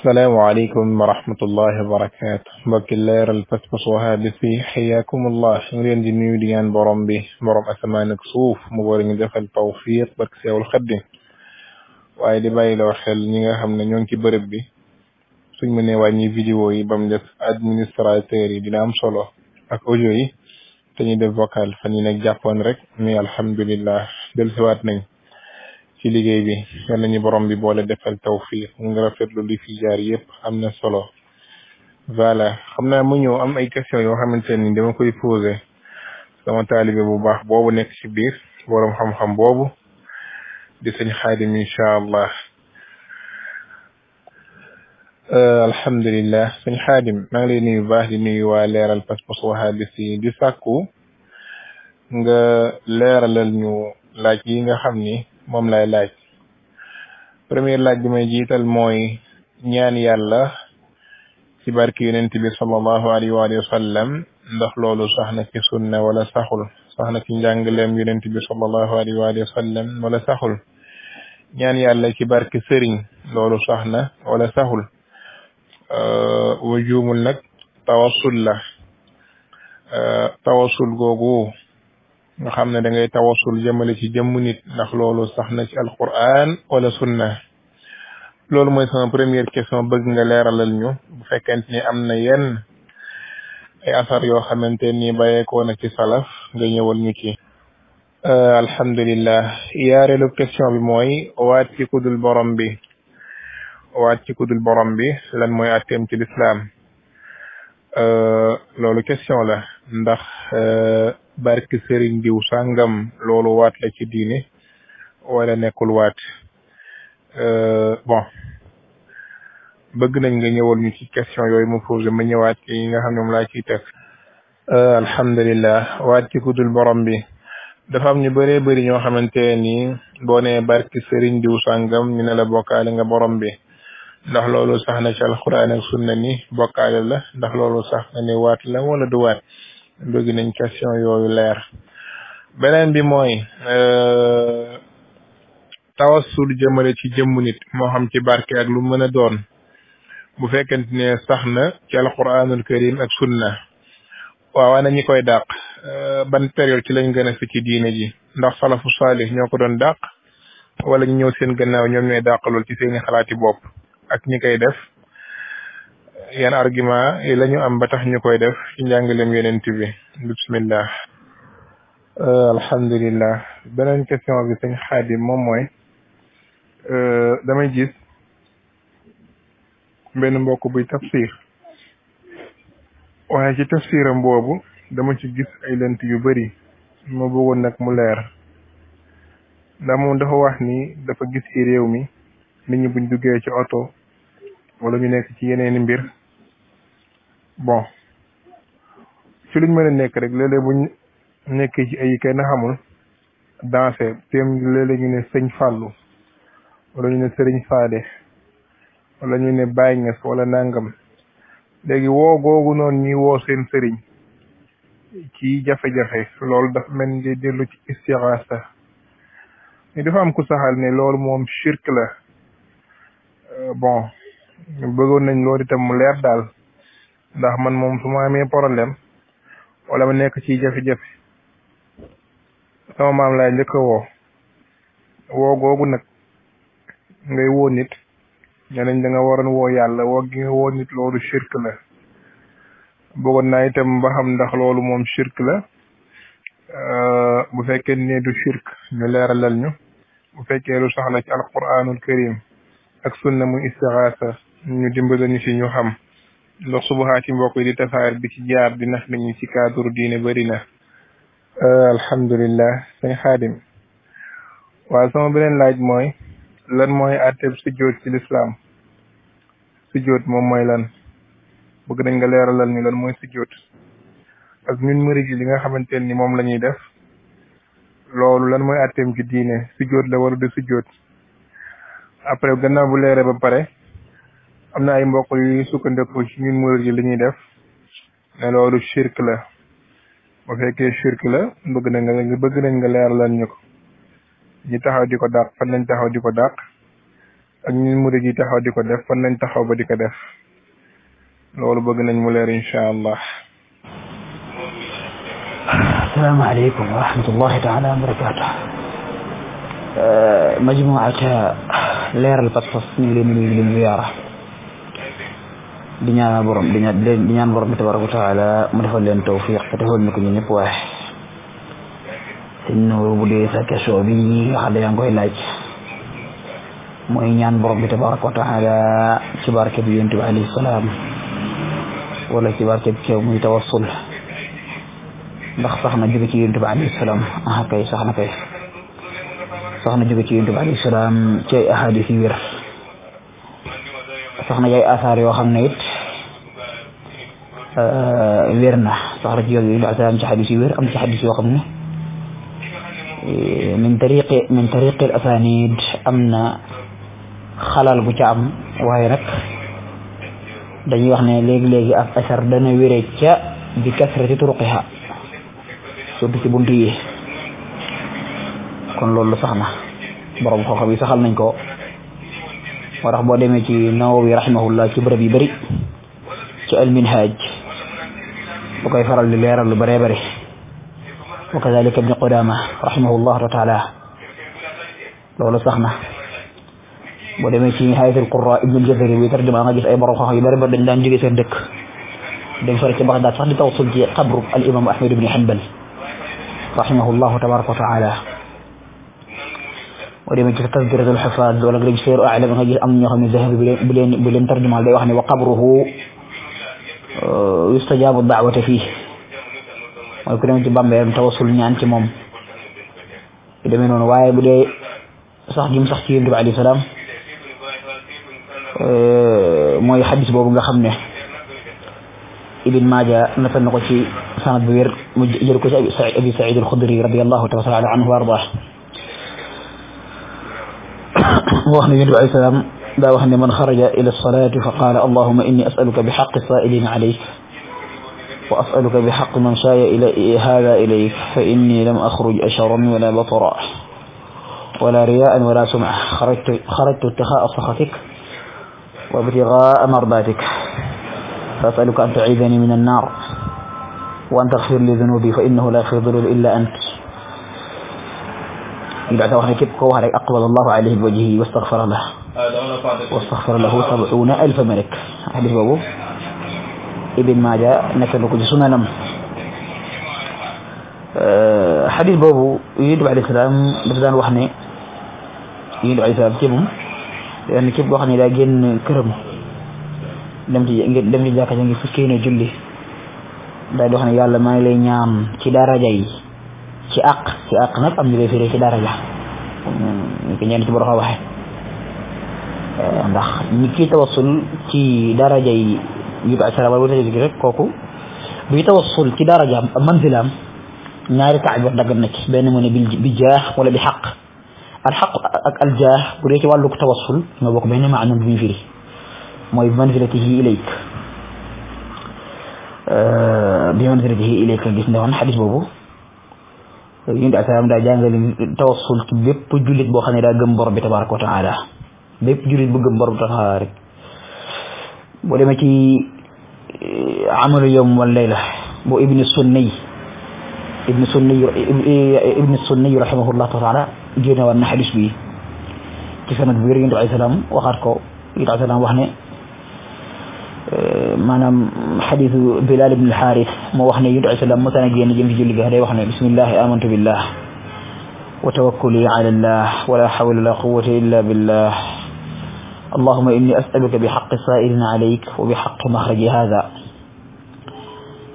السلام عليكم ورحمة الله وبركاته mbokki leeral pas-pas wahaabi fi xayaakumullah ñu leen di nuyu di ñaan borom bi borom asamaan ak suuf mu war ñu defal tawfiq bark seewul xaddi waaye di bàyyiloo xel ñi nga xam ne ñoo ngi ci bërëb bi suñ mënee wàññi vidéo yi bam def administrateur yi dina am solo ak audio yi te ñu def vocal fan yi nag jàppoon rek mais alhamdulillah dellusiwaat nañ ci liggéey bi yàlla ñu borom bi boole defal taw fii nga rafetlu li fi jaar yépp am na solo voilà xam naa mu ñëw am ay question yoo xamante ni dama koy posé sama taalibe bu baax boobu nekk ci biir borom xam-xam boobu di sañ xaadim incha allah alhamdulillah sañ xaadim maa ngi lay nuyu baax di nuyu waa leeral pas-pas bi si di sàkku nga leeralal ñu laaj yi nga xam ni moom lay laaj première laaj bi may jiital mooy ñaan yàlla ci barki yonent bi sallallahu alayhi wa sallam ndax loolu sax na ci sunna wala saxul sax na ci njàngaleem yonent bi sallallahu alayhi wa sallam wala saxul ñaan yàlla ci barki sëriñ loolu sax na wala saxul wa juumul nag tawassul la tawassul googu nga xam ne da ngay tawasul jëmale ci jëmm nit ndax loolu sax na ci alquran wala sunna loolu mooy sama première question bëgg nga leeralal ñu bu fekkente ni am na yenn ay asar yoo xamante ni bàyyeekoo na ci salaf nga ñëwal ñu ci alhamdulillah yaareelu question bi mooy waat ci kudul borom bi waat ci kudul borom bi lan mooy atteem ci lislaam loolu question la ndax barke sëriñ diw sàngam loolu waat la ci diine wala nekkul waat euh, bon bëgg nañ nga ñëwal ñu ci question yooyu mu posé ma ñëwaat ci yi nga xam ne moom laa ciy teg euh, alhamdulillah waat ci kudul borom bi dafa am ñu bëree bëri ñoo xamante ni boo nee barke sëriñ diw sàngam ñu ne la bokkaale nga borom bi ndax loolu sax na ci alxuraan sunna ni bokkaale la ndax loolu sax na ne waat la wala du waat bëgg nañ question yooyu leer beneen bi mooy euh, tawassul jëmale ci jëmmu nit moo xam ci barke ak lu mën a doon bu fekkente ne sax na ci alquranul karim ak waaw waawaana ñi koy dàq euh, ban période ci lañ gën a fi ci diine ji ndax salafu saalih ñoo ko doon dàq wala ñu ñëw seen gannaaw ñoom ñooy dàq lool ci seeni xalaati bopp ak ñi koy def yan argument yi lañu am ba tax ñu koy def ci njàngalem yeneen bi bismillah euh, alhamdulillah beneen question bi sëñ Xaadim moom mooy euh, damay gis benn mbokk buy tafsir waaye ci tafsiram boobu dama ci gis ay lënt yu bari ma bëggoon nag mu leer ndax moom dafa wax ni dafa gis ci réew mi nit buñ duggee ci oto wala ñu nekk ci yeneeni mbir bon ci luñ mën a nekk rek léeg-léeg buñ nekkee ci ay kenn xamul danse téem léeg-léeg ñu ne sëñ fàllu wala ñu ne sëriñ faade wala ñu ne Baye Niass wala nangam léegi woo googu noonu ñi woo seen sëriñ ci jafe-jafe loolu dafa mel ni dellu ci istixaasa mais dafa am ku saxal ne loolu moom shirk euh, bon bëggoon nañ loolu itam mu leer daal ndax man moom su ma amee problème wala ma nekk ci jafe-jafe sama maam laay njëkk a woo woo googu nag ngay woo nit ñeneen da nga waroon woo yàlla woo gi nit loolu shirk la bëggoon naa itam ba xam ndax loolu moom shirk la euh, bu fekkee ne du shirk ñu leeralal ñu bu fekkee lu soxla ci alquranul karim ak sunna muy istixaasa ñu dimbali ñu si ñu xam lox subaxaa ci mbokk yi di tafaar bi ci jaar di nax nañu ci cadre diine bëri na euh, alhamdulilah sëñ xaadim waaw sama beneen laaj mooy lan mooy atteb sujjóot ci lislaam sujjóot moom mooy lan bëgg nañ nga leeralal ñu lan mooy sujjóot ak ñun murid yi li nga xamante ni moom la ñuy def loolu lan mooy atteem ci diine sujjóot la wala du sujjóot après gannaaw bu leeree ba pare am na ay mbokk yu sukkandiku ci ñun murid li ñuy def ne loolu sirk la bo fekkee sirk la bëgg na nga bëgg nañ nga leeralal ñu ko ñi taxaw di ko dàq fan lañ taxaw di ko dàq ak ñun murid yi taxaw di ko def nañ lañ taxaw ba di ko def loolu bëgg nañ mu leer incha allah asalaamaaleykum wa rahmatullahi taala wa barakaatu majmuata leeral pas-pas ñu leen di leen ziyaara di ñaanal borom di ñaan di ñaan borom bi tabaraka taala mu defal leen tawfiq te defal ñu ko ñu ñëpp waaye sëñ Nour bu dee sa question bi nga xam ne yaa koy laaj mooy ñaan borom bi tabaraka taala ci barke bi yonte bi alayhi salaam wala ci barke bi ceew muy tawassul ndax sax na jóge ci yonte bi alayhi salaam ah kay sax na kay sax na jóge ci yonte bi alayhi salaam ci yi wér soxna yaay asar yo xamne ne it wér na soxna ci yooyu asaar am ci xadis yu wér am ci xadis yo xamne min tariqi min tariqi al asanid amna khalal bu ci am waye nag dañuy wax ne leg leg ak asar dana wére ca bi kasrati turqiha so surtout ci buntu yi kon loolu saxna borom xam yi saxal nañ ko ورحمة الله ميتي النووي رحمه الله كبر بيبري سؤال منهاج وكيف رأى الليلة رأى البريبري وكذلك ابن قدامة رحمه الله تعالى لولا سخنة ودميتي نهاية القراء ابن الجذري ويترجم عن أي بروخة يبري بردن لان جيس عندك دم فرق بغداد صحيح توصل قبر الإمام أحمد بن حنبل رحمه الله تبارك وتعالى ودي مجي تذكرة الحفاظ ولا قريب سير أعلى من هجي أمني ذهب بلين, بلين ترجم على ديوحني وقبره آه، يستجاب الدعوة فيه ويكون مجي بام بيرم توصل نيان تموم إذا من واي بدي صح جيم صح جيم عليه السلام آه، ما يحدث بابو غخمنا ابن ماجا نفن نقشي سند بوير مجي جركو أبي سعيد الخدري رضي الله تعالى عنه وارضاه وخني عليه السلام دا من خرج إلى الصلاة فقال اللهم إني أسألك بحق السائلين عليك وأسألك بحق من شاي إلي هذا إليك فإني لم أخرج أشرا ولا بطرا ولا رياء ولا سمعة خرجت, خرجت اتخاء صختك وابتغاء مرضاتك فأسألك أن تعيذني من النار وأن تغفر لي ذنوبي فإنه لا يغفر إلا أنت بعد واحد كيف هو هذا أقبل الله عليه بوجهه واستغفر له واستغفر له سبعون ألف ملك حديث بابو ابن ماجه نكن لكم سننم أه حديث بابو يدعو عليه السلام بدان وحني يدعو عليه السلام كيفهم لأن كيف وحني لا جن كرم dem ci dem ci jàkka ja ngi fukkee ne julli day dox ne yàlla maa ci àq ci àq nag am ñu koy firee ci dara la ñu ko ñenn ci borom waxe ndax nit ki tawassul ci daraja yi yub asara wala wala gi rek kooku buy tawassul ci darajaam manzilaam ñaari taabir dagg na ci benn mu ne bi jaax wala bi xaq al xaq ak al jaax bu dee ci wàllu tawassul nga bokk benn maanaam bi ñu firi mooy bi manzilatihi ilayk bi manzilatihi ilayk gis ne woon xadis boobu yonent bi salaam daa jàngale tawassul ci bépp jullit boo xam ne daa gëm borom bi tabaraka wa taala bépp jullit bu gëm borom bi taala rek boo demee ci eh, amalu yawm wal layla bu ibni sunni ibni sunni eh, ibni sunni rahimahullah taala génne woon na xadis bi ci sanad bi yonent bi salaam waxaat ko yonent bi salaam wax ne manam xadiisu bilal ibn Xaaris moo wax ne yudaa salaam moo tax génn jëm ci julli ga day waxne bismillah amantu billah wa tawakkuli ala allah wa la hawla la quwwata illa billah اللهم إني أسألك بحق سائل عليك وبحق مخرج هذا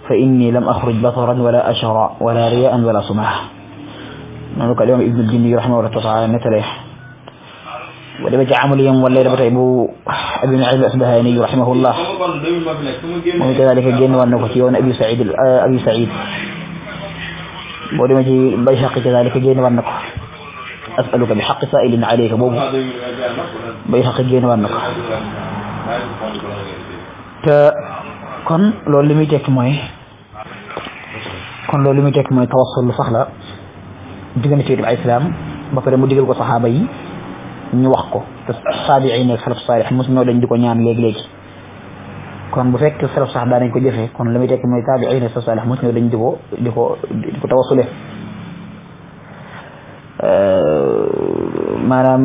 فإني لم أخرج بطرا ولا أشرا ولا رياء ولا سمعة نقول اليوم ابن الجندي رحمه الله تعالى نتليه ولما جاء عمليا والليل بتعبوا ابن عيد الأسبهاني رحمه الله ومن كذلك الجن والنفس أبي سعيد آه، أبي سعيد ولما جاء البيهقي كذلك الجن والنفس أسألك بحق سائل عليك بوب بيهقي الجن والنفس تا كن لو لم يجيك tekk كن لو لم يجيك muy توصل لصحلة tawassul في sax la diggante ci ñu wax ko te saabiin ak salaf saalix mus ñoo dañ di ko ñaan léegi léegi kon bu fekk salaf sax daa nañ ko jëfe kon li muy tekk mooy taabiin ak salaf saalix mus ñoo dañ di ko di ko di ko tawasule maanaam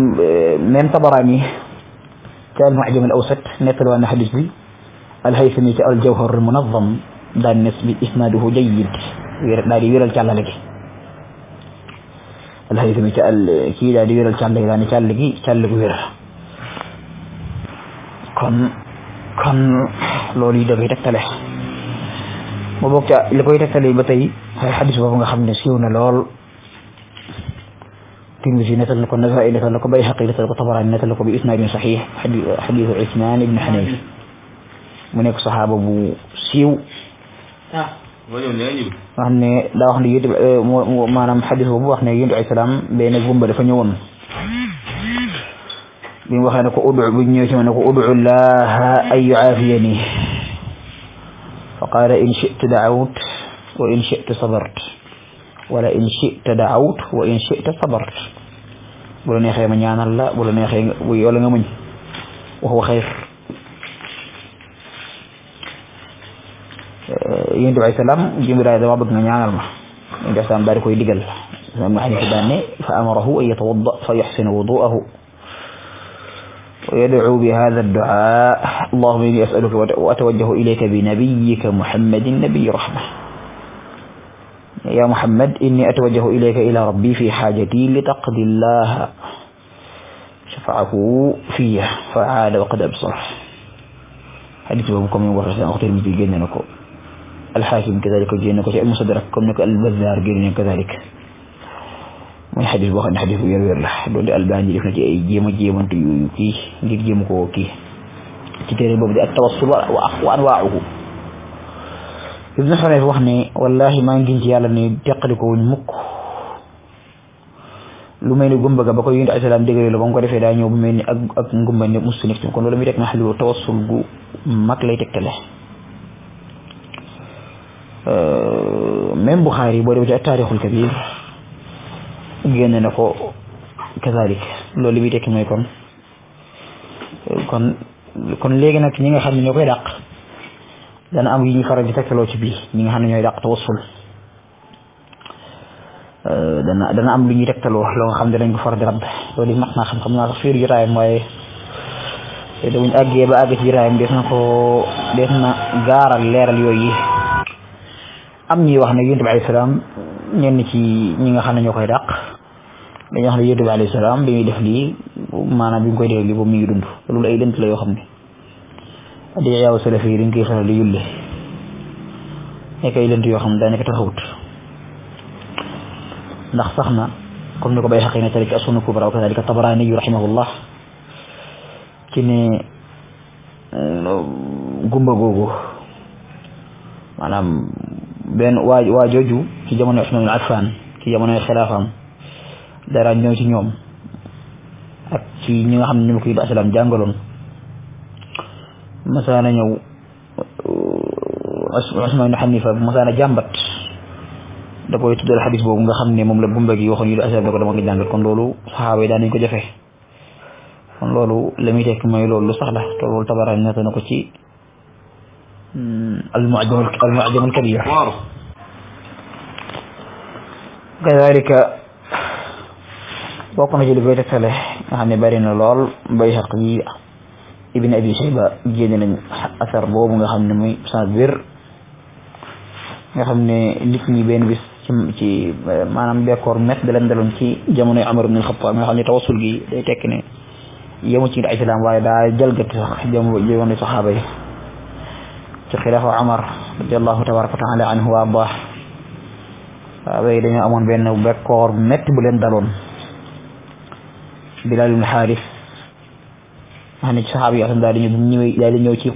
même tabarani al almuajam al awsat nettal waa na xadis bi alhaysami ca aljawhar almunazam daan nes bi isnaaduhu jayid daal di wéral càllale gi الهيثمي كيدا ديرل يعني كالك داني كالك كالك وير كان كان لولي دا بيتك تلح مبوكا لكوي تكتلي بتي هاي حديث بابا خمنا سيونا لول تنجي نتل لكم نفائي بأي لكم بيحقي نتل لكم طبرا نتل لكم بإثنان صحيح حديث عثمان بن حنيف mu nekk saxaaba bu siiw nga xam ne daa wax ne yéen itam maanaam xadis boobu wax ne yéen ay salaam benn gumba dafa ñëwoon bi mu waxee ne ko udu bu ñëwee ci ma ne ko udu laaha ay yuaafiyani fa qaala in shi'ta da'awt wa in shi'ta sabart wala in shi'ta da'awt wa in shi'ta sabart bu la neexee ma ñaanal la bu la neexee wala nga muñ wax wa xayr yonent bi salaam jëmbi daay dama bëgg nga ñaanal ma koy fa amarahu an yatawadda fa wuduahu ويدعو بهذا الدعاء اللهم إني أسألك وأتوجه إليك بنبيك محمد نبي رحمة يا محمد إني أتوجه إليك إلى ربي في حاجتي لتقضي الله شفعه فيه فعال وقد أبصر حديث بكم يوم ورسان أختي المزيجين نكو الحاكم كذلك وجينا كوشي المصدرك كم نكو البذار جينا كذلك من حديث بوخان حديث يروي الله دون دي الباني لكنا جي اي جيما جيما تيوي كي جي جيما كو كي كتير بابد التوصل وأخو أنواعه ابن حنيف وحني والله ما نجي جيالا ني تقلق ونمك لمن يقوم بقى بقى يند عيسى لام دقري لبانك ودفع دانيو بمين أقوم بني مسلمين كون ولم يتك محلو توصل ما كلا Euh, même Buxaari boo dem ci taarixul kabir génne na ko kazalik loolu li muy tekki mooy kon kon kon léegi nag ñi nga xam ne ñoo koy daq dana am yi ñu faral di tegtaloo ci bi ñi nga xam ne ñooy dàq tawassul euh, dana dana am lu ñuy tegtaloo loo nga xam ne dañ ko faral di rab loolu mat naa xam-xam naa sax fiir jotaayam waaye te buñ àggee ba àgg ci des na ko des na gaaral leeral yooyu am ñuy wax ne yonent bi alayhi salaam ñenn ci ñi nga xam ne ñoo koy dàq dañuy wax ne yonent bi alayhi salaam bi muy def lii maanaam bi mu koy def lii boobu mi ngi dund loolu ay lënt la yoo xam di yaaw salaf yi dañ koy faral di yulle nekk ay lënt yoo xam ne daanaka taxawut ndax sax na comme ni ko bay xaqi na tari ci asunu kubra wa kadalika tabarani yu rahimahullah ci ne euh, gumba googu maanaam benn waa waa ci jamono Usmaan bin Affaan ci jamonoy xilaafam dara ñëw ci ñoom ak ci ñi nga xam ne ñu ma koy asalaam jàngaloon masaana ñëw Usmaan bin Xanifa bu masaana jàmbat da koy tuddal boobu nga xam ne moom la gumba gi waxoon yu di asalaam da ko dama ko jàngat kon loolu saxaaba yi ko jafe kon loolu la muy mooy loolu lu sax la te loolu tabaraan ñett na ko ci Hmm. المعجم المعجم الكبير كذلك bokk na ci lu koy tegtale nga xam ne bari na lool Bayhaqi ibn Abi Shayba génne nañ asar boobu nga xam ne muy sans bir nga xam ne nit ñi benn bis ci ci maanaam bekkoor met da leen daloon ci jamonoy Amar ibn al-Khattab nga xam ne tawassul gi day tekki ne ci ay islaam waaye daa jalgati sax jamono jamono yi xilaafa Umar radiyallahu anhu wa abah saaba yi dañoo amoon benn bekkoor bu métti bu leen daloon Bilaal ibn Xaaris xam ne ci di ñëw daal di ñëw ci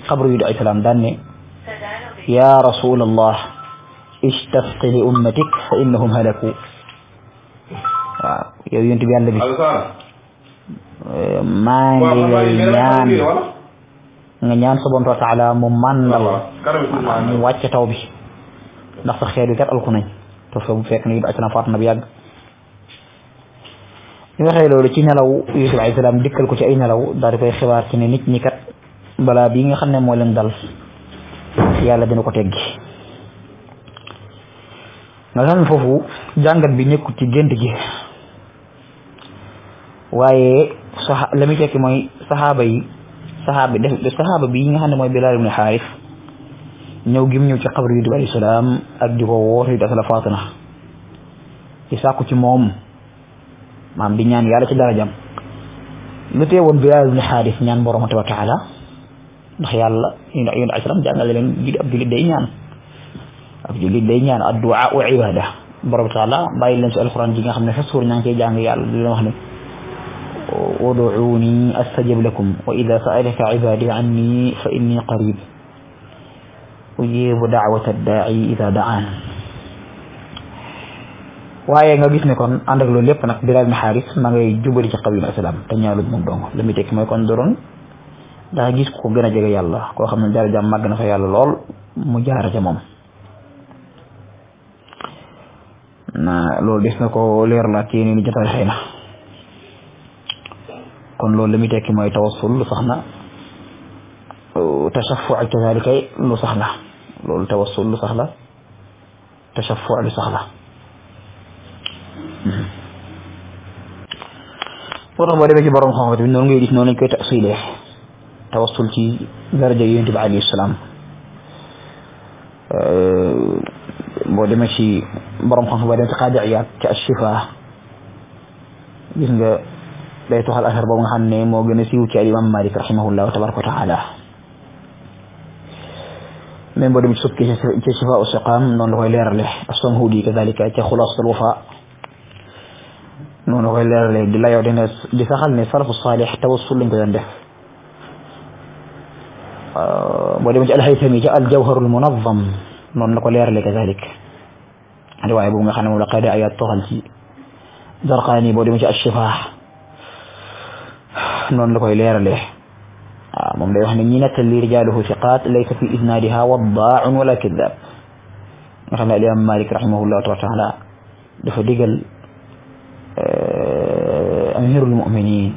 ya yu ay ummatik fa halaku ya, ya, nga ñaan subhanahu wa ta'ala mu màndal mu wàcce taw bi ndax sa xeet wi kat alku nañ te foofu fekk na yib acc na faat na bi yàgg ñu waxee loolu ci nelaw yusuf alayhi salaam dikkal ko ci ay nelaw daal di koy xibaar ci ne nit ñi kat balaa bii nga xam ne moo leen dal yàlla dina ko teggi nga xam ne foofu jàngat bi ci gént gi waaye la muy tekki mooy yi saxaaba def def sahaba bi nga xamne moy bilal Bilaal ibn Xaaris ñëw gim ñew ci xabri Yonent bi alayhi ak di ko wor woote dafa la Faatina ci sakku ci mom maam bi ñaan yalla ci darajam lu teewon bilal ibn harith ñaan borom tabaaraka taala ndax yalla Yonent bi alayhi jangal leen julli di abdul day ñaan abdul day ñaan addu'a wa ibada borom taala bayil leen ci alquran gi nga xamne fa sur ñang ci jang yalla ya di leen wax ne ودعوني أستجب لكم وإذا سألك عبادي عني فإني قريب أجيب دعوة الداعي إذا دعان waaye nga gis ne kon ànd ak loolu lépp nag Bilaal ibn Xaaris ma ngay jubali ci qabiila islaam te ñaalut moom dong li muy tekki kon doron. daa gis ko gën a jege yàlla koo xam ne dara jaam màgg na fa yàlla lool mu jaara ca moom na loolu gis na ko leerlaat ci yeneen i jotaay xëy kon loolu la muy tekki mooy tawassul lu sax na tashafu ak kazaalika lu sax la loolu tawassul lu sax la tashafu lu sax la boo tax boo demee ci borom xam-xam tamit noonu ngay gis noonu lañ koy tasilee tawassul ci daraja yonent bi alayhi salaam boo demee ci borom xam-xam boo demee ci qaadi ci ashifa gis nga بيتو حال اخر بو خا نني مو غن سيو تي امام مالك رحمه الله تبارك وتعالى من بودم سوكي تي شفاء السقام نون لوي لير لي اصلا هودي كذلك تي خلاص الوفاء نون لوي لير لي دي لايو دينس دي ساخال ني صرف الصالح توصل لين دون ديف ا آه، بودم جال هيثمي جال الجوهر المنظم نون لوي لير لي كذلك روايه بو خا نمو لقد ايات طهنتي درقاني بودم جال الشفاه noonu la koy leeralee waaw moom day wax ne ñi nettali rijaaluhu siqaat laysa fi isnaadiha waddaaun wala kiddaab nga xam ne al imaam Maalik rahimahullahu taala dafa digal amirul muminin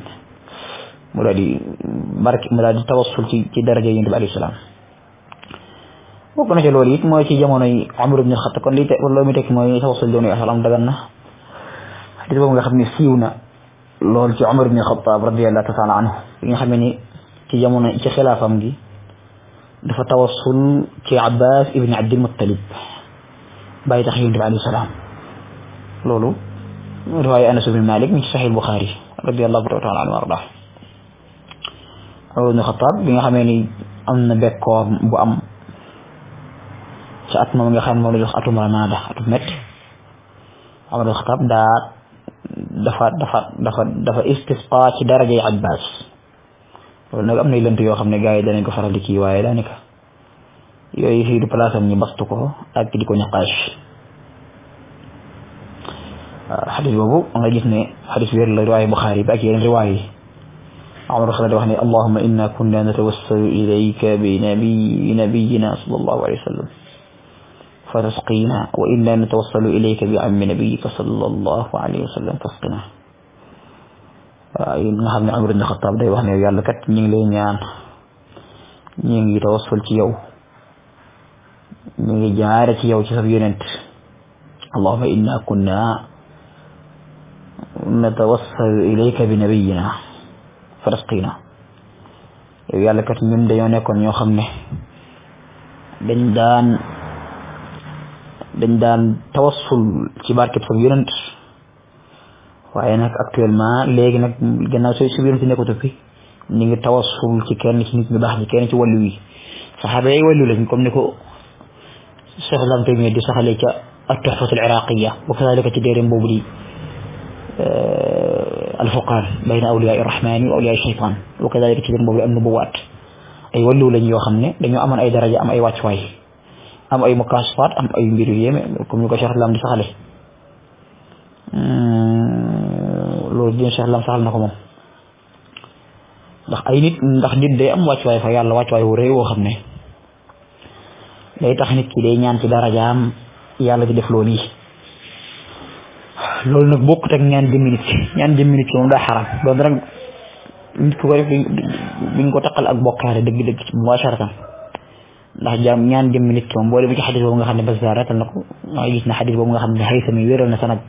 mu daal di barke mu daal di tawassul ci ci daraja yonent bi alayhi salaam bokk na ci loolu it mooy ci jamonoy Umar ibn Xattaab kon li te loolu mi tekki mooy tawassul doonu salaam dagan na xadis boobu nga xam ne siiw na loolu ci Umar ibn Xattaab radiyallahu taala anhu yi nga xamee ni ci jamono ci xilaafam gi dafa tawassul ci Abbas ibn Abdul Muttalib bàyyi tax yonent bi alayhi salaam loolu riwaaya Anas ibn Malik mi ci Sahih Bukhari radiyallahu taala anhu warda Umar ibn Xattaab bi nga xamee ni am na bekkoor bu am ci at moom nga xam ne moom la jox atum Ramada atum métti Umar ibn Xattaab daa dafa dafa dafa dafa istisqa ci darajay Abbas loolu nag am nay lënt yoo xam ne gars yi danañ ko faral di kii waaye daanaka yooyu fii du place am ñu bastu ko ak di ko ñaqaaj waaw xadis boobu nga gis ne xadis wér la riwaay Buxaari bi ak yeneen riwaay yi Umar xalaat wax ne allahumma inna kunna natawassalu ilayka bi nabi nabiyina sallallahu alayhi wa sallam فتسقينا وإنا نتوصل إليك بعم نبيك صلى الله عليه وسلم فاسقنا waaye nga xam ne Umar ibn Khattab day wax ne yàlla kat ñu ngi lay ñaan ñu ngi tawassul ci yow ñu ngi jaare ci yow ci sa yonent allahumma inna kunna natawassalu ilayka bi nabiyina farasqina yow yàlla kat ñun dañoo nekkoon ñoo xam ne dañ daan dañ tawassul ci barkeb sab yonent waaye nag actuellement léegi nag gannaaw sooy sab yonent nekkatu fi ñu ngi tawassul ci kenn ci nit ñu baax ñi kenn ci wàllu yi saxaaba yi wàllu lañ comme ni ko cheikh islam tamit di saxalee ca التحفة العراقية وكذلك تدير بوبلي الفقار بين أولياء الرحمن وأولياء الشيطان وكذلك تدير بوبلي النبوات أي ولو لن يوخمني لن يؤمن أي درجة أم أي واتواي am ay mukashifat am ay mbir yu yéeme comme ni ko Cheikh Islam di hmm, saxal na ko moom ndax ay nit ndax nit day am wàccuwaay fa yàlla wàccuwaay wu rëy woo xam ne day tax nit ki day ñaan ci jaam yàlla di def loolu yi loolu nag bokkut ak ñaan jëmmi nit ñaan jëmmi nit moom daa xaram loolu ko def ak bokkaale dëgg-dëgg ci mubaasharatan ndax jam ñaan jëm nit moom boole bu ci hadith bo nga xamné ne zara tan nako ma gis na hadith bo nga xamné ne Haythami wéral na sanad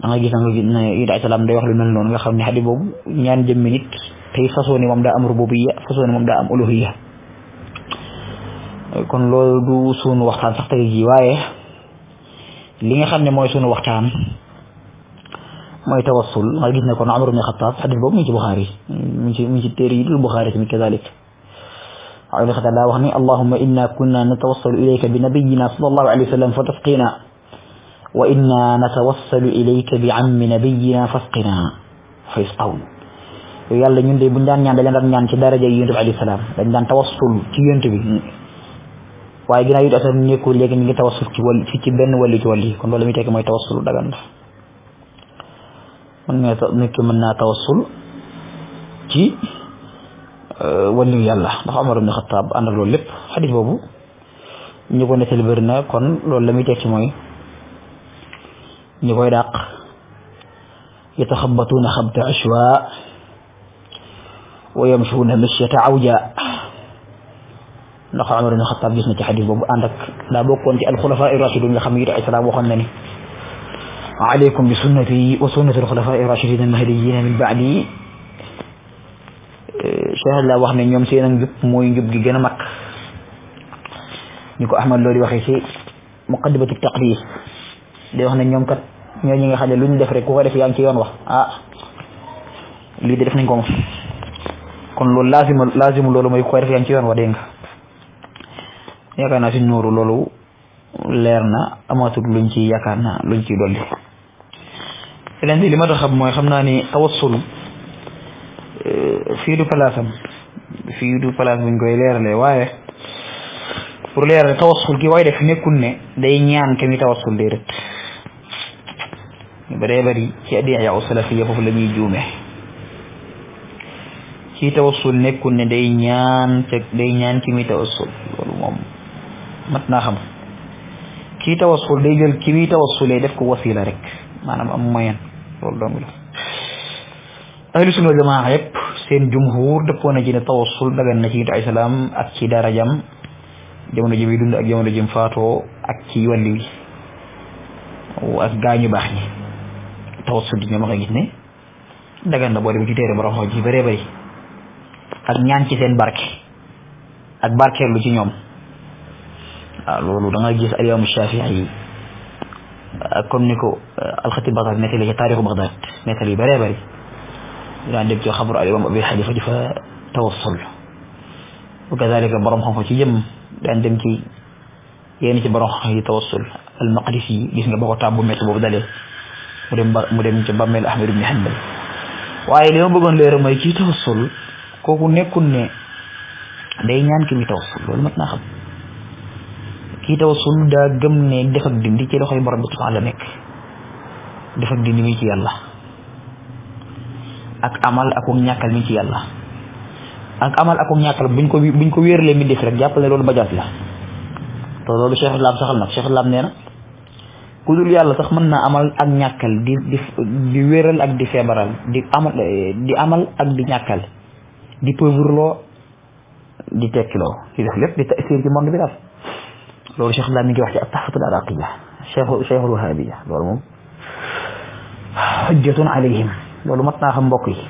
da nga gis na nga gis ne Yid ay salam day wax lu mel non nga xamné hadith xadis boobu ñaan jëm nit tay fasoo ne moom daa am rububiyya fasoo ne moom daa am uluhiyya kon lool du sunu waxtaan sax tay gi waye li nga xamné moy sunu waxtaan moy tawassul ma gis na kon amru ibn Khattab hadith boobu mi ci Bukhari mi ci mi ci téere yi dul Bukhari tamit kazalik عبد الخطا لا وهني اللهم انا كنا نتوصل اليك بنبينا صلى الله عليه وسلم فتسقينا وانا نتوصل اليك بعم نبينا فاسقنا فيسقون يلا نيون دي بنجان نيان دي نيان سي درجه يونس عليه السلام دنج دان توصل تي يونس بي واي غينا يوت اسام نيكو ليك نيغي توصل تي ولي تي بن ولي تي ولي كون لامي تيك موي توصل دغان من نيتو نيكو من نا توصل تي waliyu yàlla ndax Omar ibn Khattab ànd ak loolu lépp xadis boobu ñu ko nettali bëri na kon loolu la muy tekki mooy ñi koy dàq yataxabatuuna xabta ashwa wa yamshuuna mishyata awja ndax Omar ibn Khattab gis na ci xadis boobu ànd ak daa bokkoon ci alxulafa irrachidun nga xam ne it ay salaam waxoon na ni عليكم بسنتي وسنة الخلفاء الراشدين المهديين من بعدي Cheikh la wax ne ñoom seen ak njub mooy njub gi gën a mat ni ko Ahmad loolu waxee ci muqaddimatu taqdis day wax ne ñoom kat ñoo ñi nga xam ne lu ñu def rek ku ko def yaa ngi ci yoon wax ah lii de def nañ ko moom kon loolu laazim laazim loolu mooy ku ko def yaa ngi ci yoon wax dégg nga naa si nuuru loolu leer na amatul luñ ci yaakaar naa luñ ci dolli leneen li ma tax xam mooy xam naa ni tawassul fii du place am fii du place koy leerale waaye pour leeral tawassul gi way def nekkul ne day ñaan ke mi tawassul dee rek bëree bëri ci adiya salafiya foofu la juume ci tawassul nekkul ne day ñaan ca day ñaan ki mi tawassul loolu moom mat naa xam kii tawassul day jël ki mi tawassulee def ko wasila rek maanaam am moyen ahlu sunna wal jamaa yépp seen jumhur dëppoo na ji ne tawassul dagan na ci nit ay salaam ak ci darajam jamono ji muy dund ak jamono ji mu faatoo ak ci wàlli wi ak gaañu baax ñi tawassul di ñoom a gis ne dagan na boo dem ci téere borom xol ci ak ñaan ci seen barke ak barkeelu ci ñoom waaw loolu da nga gis al-imaamu Shaafi'i yi comme ni ko alxatib Bagdaad nettali ci taarixu Bagdaad يعني دبت خبر الإمام أبي حنيفة جفا توصل وكذلك برم خمفة جم يعني دمت يعني برم خمفة توصل المقدسي جسنا بقى تابو ميت بقى دالي مدم مدم جبا ميل أحمد بن حنبل وعي اليوم بقى نلير ما يجي توصل كوكو نيكو ني day ñaan ki mi tawassul lool mat na xam ki tawassul da gëm ne def ak dindi ci loxoy borom subhanahu wa ta'ala nek def ak amal ak ñàkkal mi ci yàlla ak amal ak ñàkkal buñ ko buñ ko wéeralee mi def rek jàppale loolu bajaat la te loolu Cheikh Islam saxal na Cheikh Islam nee na ku dul yàlla sax mën naa amal ak ñàkkal di di di wéeral ak di feebaral di amal amal ak di ñàkkal di pauvre di tekkiloo di def lépp di tasir ci monde bi daal loolu Cheikh Islam mi ngi wax ci at-Tuhfatul Iraqiyya Cheikh Cheikhul Wahabiyya loolu moom hujjatun alayhim loolu mat na xam mbokk yi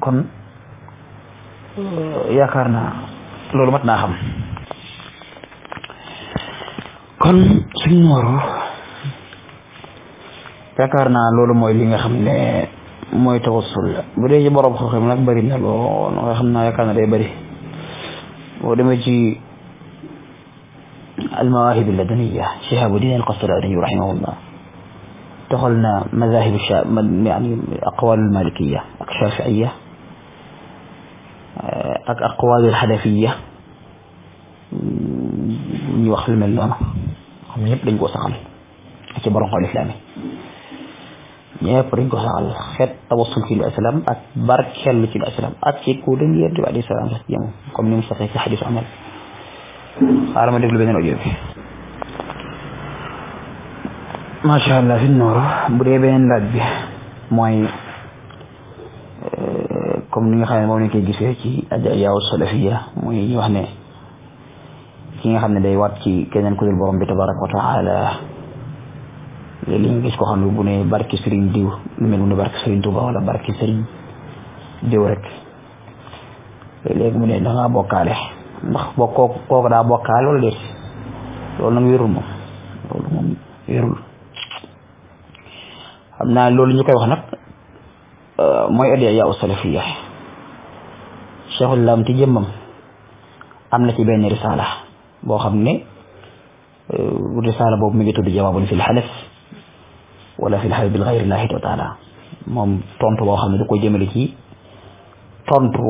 kon yaakaar naa loolu mat naa xam kon suñ nooro yaakaar naa loolu mooy li nga xam ne mooy tawassul la bu dee ci borom xoxim xam nag bëri na lool nga xam naa yaakaar na day bari boo demee ci المواهب اللدنية شهاب الدين القصر رحمه الله دخلنا مذاهب يعني أقوال المالكية الشافعية أقوال الحنفية ñu wax lu mel noonu xam ñëpp dañ ko saxal ci borom xol islami ñëpp dañ ko saxal xet tawassul ci l'islam ak barkel ci l'islam ak ci ko dañ yedd wa di salam sax jëm comme ñu saxé ci hadith amal xaaral ma déglu beneen audio bi macha allah fi nooro bu dee beneen laaj bi mooy eh, comme ni nga xam ne moom lañ gisee ci adiyaawu salafiya muy ñu wax ne ki nga xam ne day wat ci keneen ku dul borom bi tabaraka wa taala léegi li ñu gis ko xam ne bu ne barki sëriñ diw lu mel ne barki sëriñ Tuuba wala barki sëriñ diw rek léegi mu ne da bokkaale ndax boo kooku kooku daa bokkaale loolu nag wérul moom loolu moom wérul xam naa loolu ñu koy wax nag mooy adiya u salafiya cheikhul islam ci jëmmam am na ci benn risala boo xam ne risala boobu mi ngi tudd jawaabun fil xalaf wala fil xalaf bil xayri laahi wa taala moom tontu boo xam ne du ko jëmale ci tontu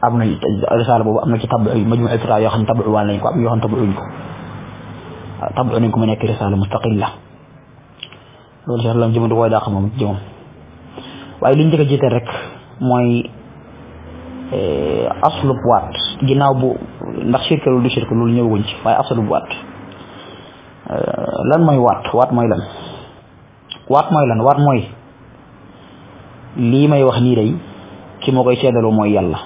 am na risala boobu am na ci tabu majmu itra yoo xam ne tabu wàll nañ ko am yoo xam ne tabu ko tabu nañ ko mu nekk risala mustaqilla loolu Cheikh la jëmatu koy dàq moom jëmam waaye li ñu njëkk a jiital rek mooy eh, aslu bu waat ginnaaw bu ndax shirk loolu du shirk loolu ñëwaguñ ci waaye aslu bu waat eh, lan mooy waat waat mooy lan waat mooy lan waat mooy lii may wax nii day ki moo koy seedaloo mooy yàlla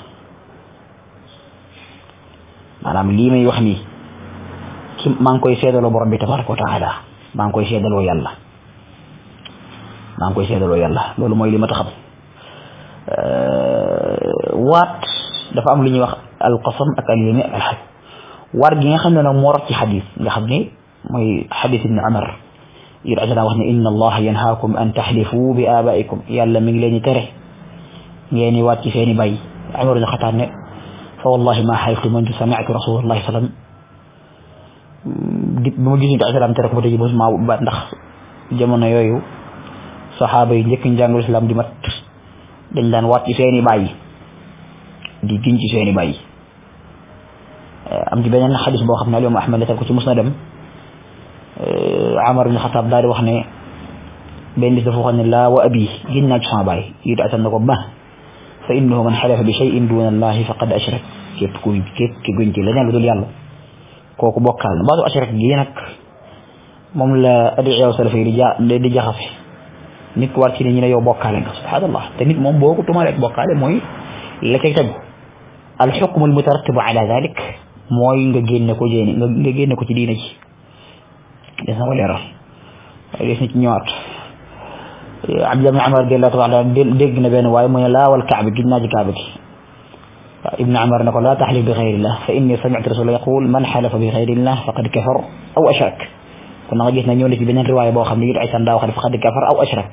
maanaam lii may wax nii ki maa ngi koy seedaloo borom bi tabaraka wa taala maa ngi koy seedaloo yàlla maa koy seedaloo yàlla loolu moy li ma ta euh wat dafa am lu wax al qasam ak al yamin al alxaj war gi nga xamne nak mo moo ci hadith nga xamne moy hadith ibn amr yir yur ajala wax ni inna allaha yanhaakum an tahlifu bi abaikum yàlla mi ngi leni tere ngeni wat ci seeni bay amar ñu xataab ne fa wallahi ma hayfu xaytu mantu samiatu rasulullahi salam bi ma gis ñu ko asalaam tere ko ma ndax jamono yoyu saxaaba yi njëkk njàngul islam di mat dañ daan waat ci seeni baay di giñ ci seeni baay am ci beneen xadis boo xam ne alimam ahmad netal ko ci musnadam amar bin xataab daal di wax ne benn bis dafa waxoon ne laa wa abi giñ naa ci sama baay it atan na ko ba fa innahu man xalafa bi cheyin duna allahi faqad ashrak képp ku képp ki guñ ci leneen lu dul yàlla kooku bokkaal na baatu ashrak gi nag moom la adiyaw salafi di jaxase nit war ci ni ñina yow bokalé nga subhaanallah te nit moom boo ko tumaale ak bokkaale mooy la al hukm al mutarattib ala dalik moy nga génne ko jéene nga génne ko ci diina ci des sama ko ay des na ci ñëwaat abdullah ibn amar radiallahu taala anhu dégg na ben way moy la wal kaaba gi naa ci kaaba gi ابن عمر نقول لا تحلف بغير الله فإني سمعت رسول الله يقول من حلف بغير الله فقد كفر أو أشرك kon nga gis na ñëw na ci beneen riwaaya boo xam ne yut aysan daa wax ne faqad kafar aw ashrak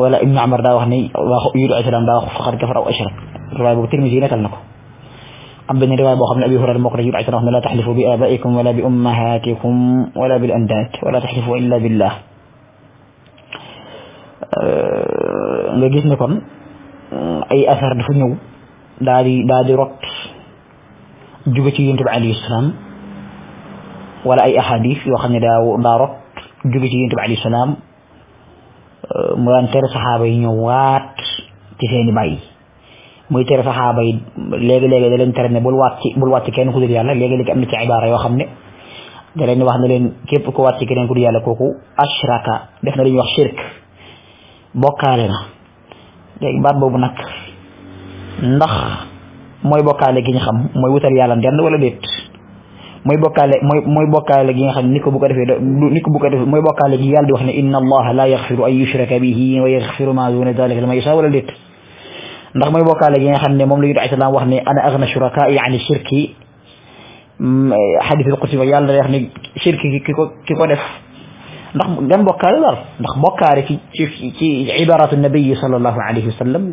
wala ibnu amar daa wax ne wax yut aysan daa wax faqad kafar aw ashrak riwaaya boobu tirmisi yi netal na ko am benn riwaaya boo xam ne abi hurayra moo ko ne yut aysan wax ne la taxlifu bi abaikum wala bi ummahatikum wala bil andaat wala taxlifu illa billah nga gis ne kon ay asar dafa ñëw daal di daal di rot jóge ci yonent bi alayhi salaam ولا اي احاديث يو خاني داو دارو جوغي سي يونس عليه السلام مو ان تير صحابه ينيو وات تي سين باي موي تير صحابه ليغي ليغي دا لين ترني بول وات سي بول وات كين خدير يالا ليغي ليغي امني سي عباره يو خامني دا لين واخ نالين كيب كو وات سي كين خدير يالا كوكو اشراكا داف نالين واخ شرك بوكالنا ليك باب بوبو ناك نخ موي بوكالي كي ني خام موي ووتال يالا ندن ولا ديت mooy bokkaale mooy mooy bokkaale gi nga xam ne ni ko bu ko defee ni ko bu ko defee mooy bokkaale gi yàlla di wax ne inna allaha la yaxfiru an yushraka bihi wa yaxfiru ma duna dalika liman yasha wala déet ndax mooy bokkaale gi nga xam ne moom la yonent salaam wax ne ana agna shuraka yi ani shirki xadis al qudsi ba yàlla day wax ne shirki ki ko ki ko def ndax gan bokkaale war ndax bokkaale ci ci ci ibaratu nabiyi sallallahu alayhi wa sallam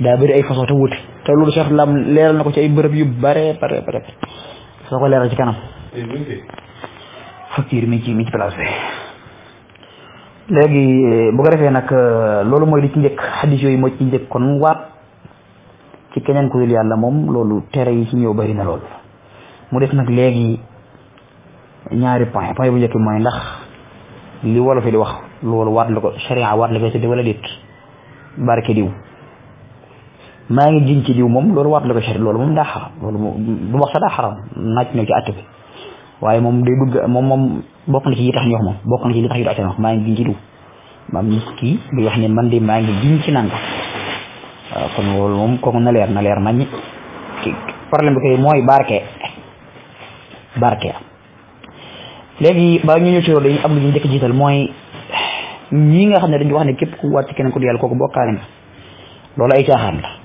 daa bëri ay façon te wuute te loolu cheikh lam leeral na ko ci ay bërëb yu bare bare bare soo ko leeral ci kanam facture mi ci mi ci place bi léegi bu ko defee nag loolu mooy li ci njëkk xadis yooyu mooy ci njëkk kon waat ci keneen ku dul yàlla moom loolu tere yi ci ñëw bari na lool mu def nag léegi ñaari point point bu njëkk mooy ndax li wolof yi di wax loolu waat la ko sharia waat la ko tudde wala déet barke diw maa ngi jiñ ci diw moom loolu wat la ko shari loolu moom daa xaram loolu du wax sax daa xaram naaj na ci atté bi waaye moom day bëgg moom moom bokk na ci yi tax ñu wax moom bokk na ci li tax yu atté wax maa ngi jiñ ci diw maam nit ki di wax ne man de maa ngi jiñ ci nanga waaw kon loolu moom kooku na leer na leer nañ ci problème bi kay mooy barke barke léegi ba ñu ñëw ci loolu dañu am lu ñu njëkk jiital mooy ñi nga xam ne dañu wax ne képp ku wàcc keneen ko di yàlla kooku bokkaale na loolu ay caaxaan la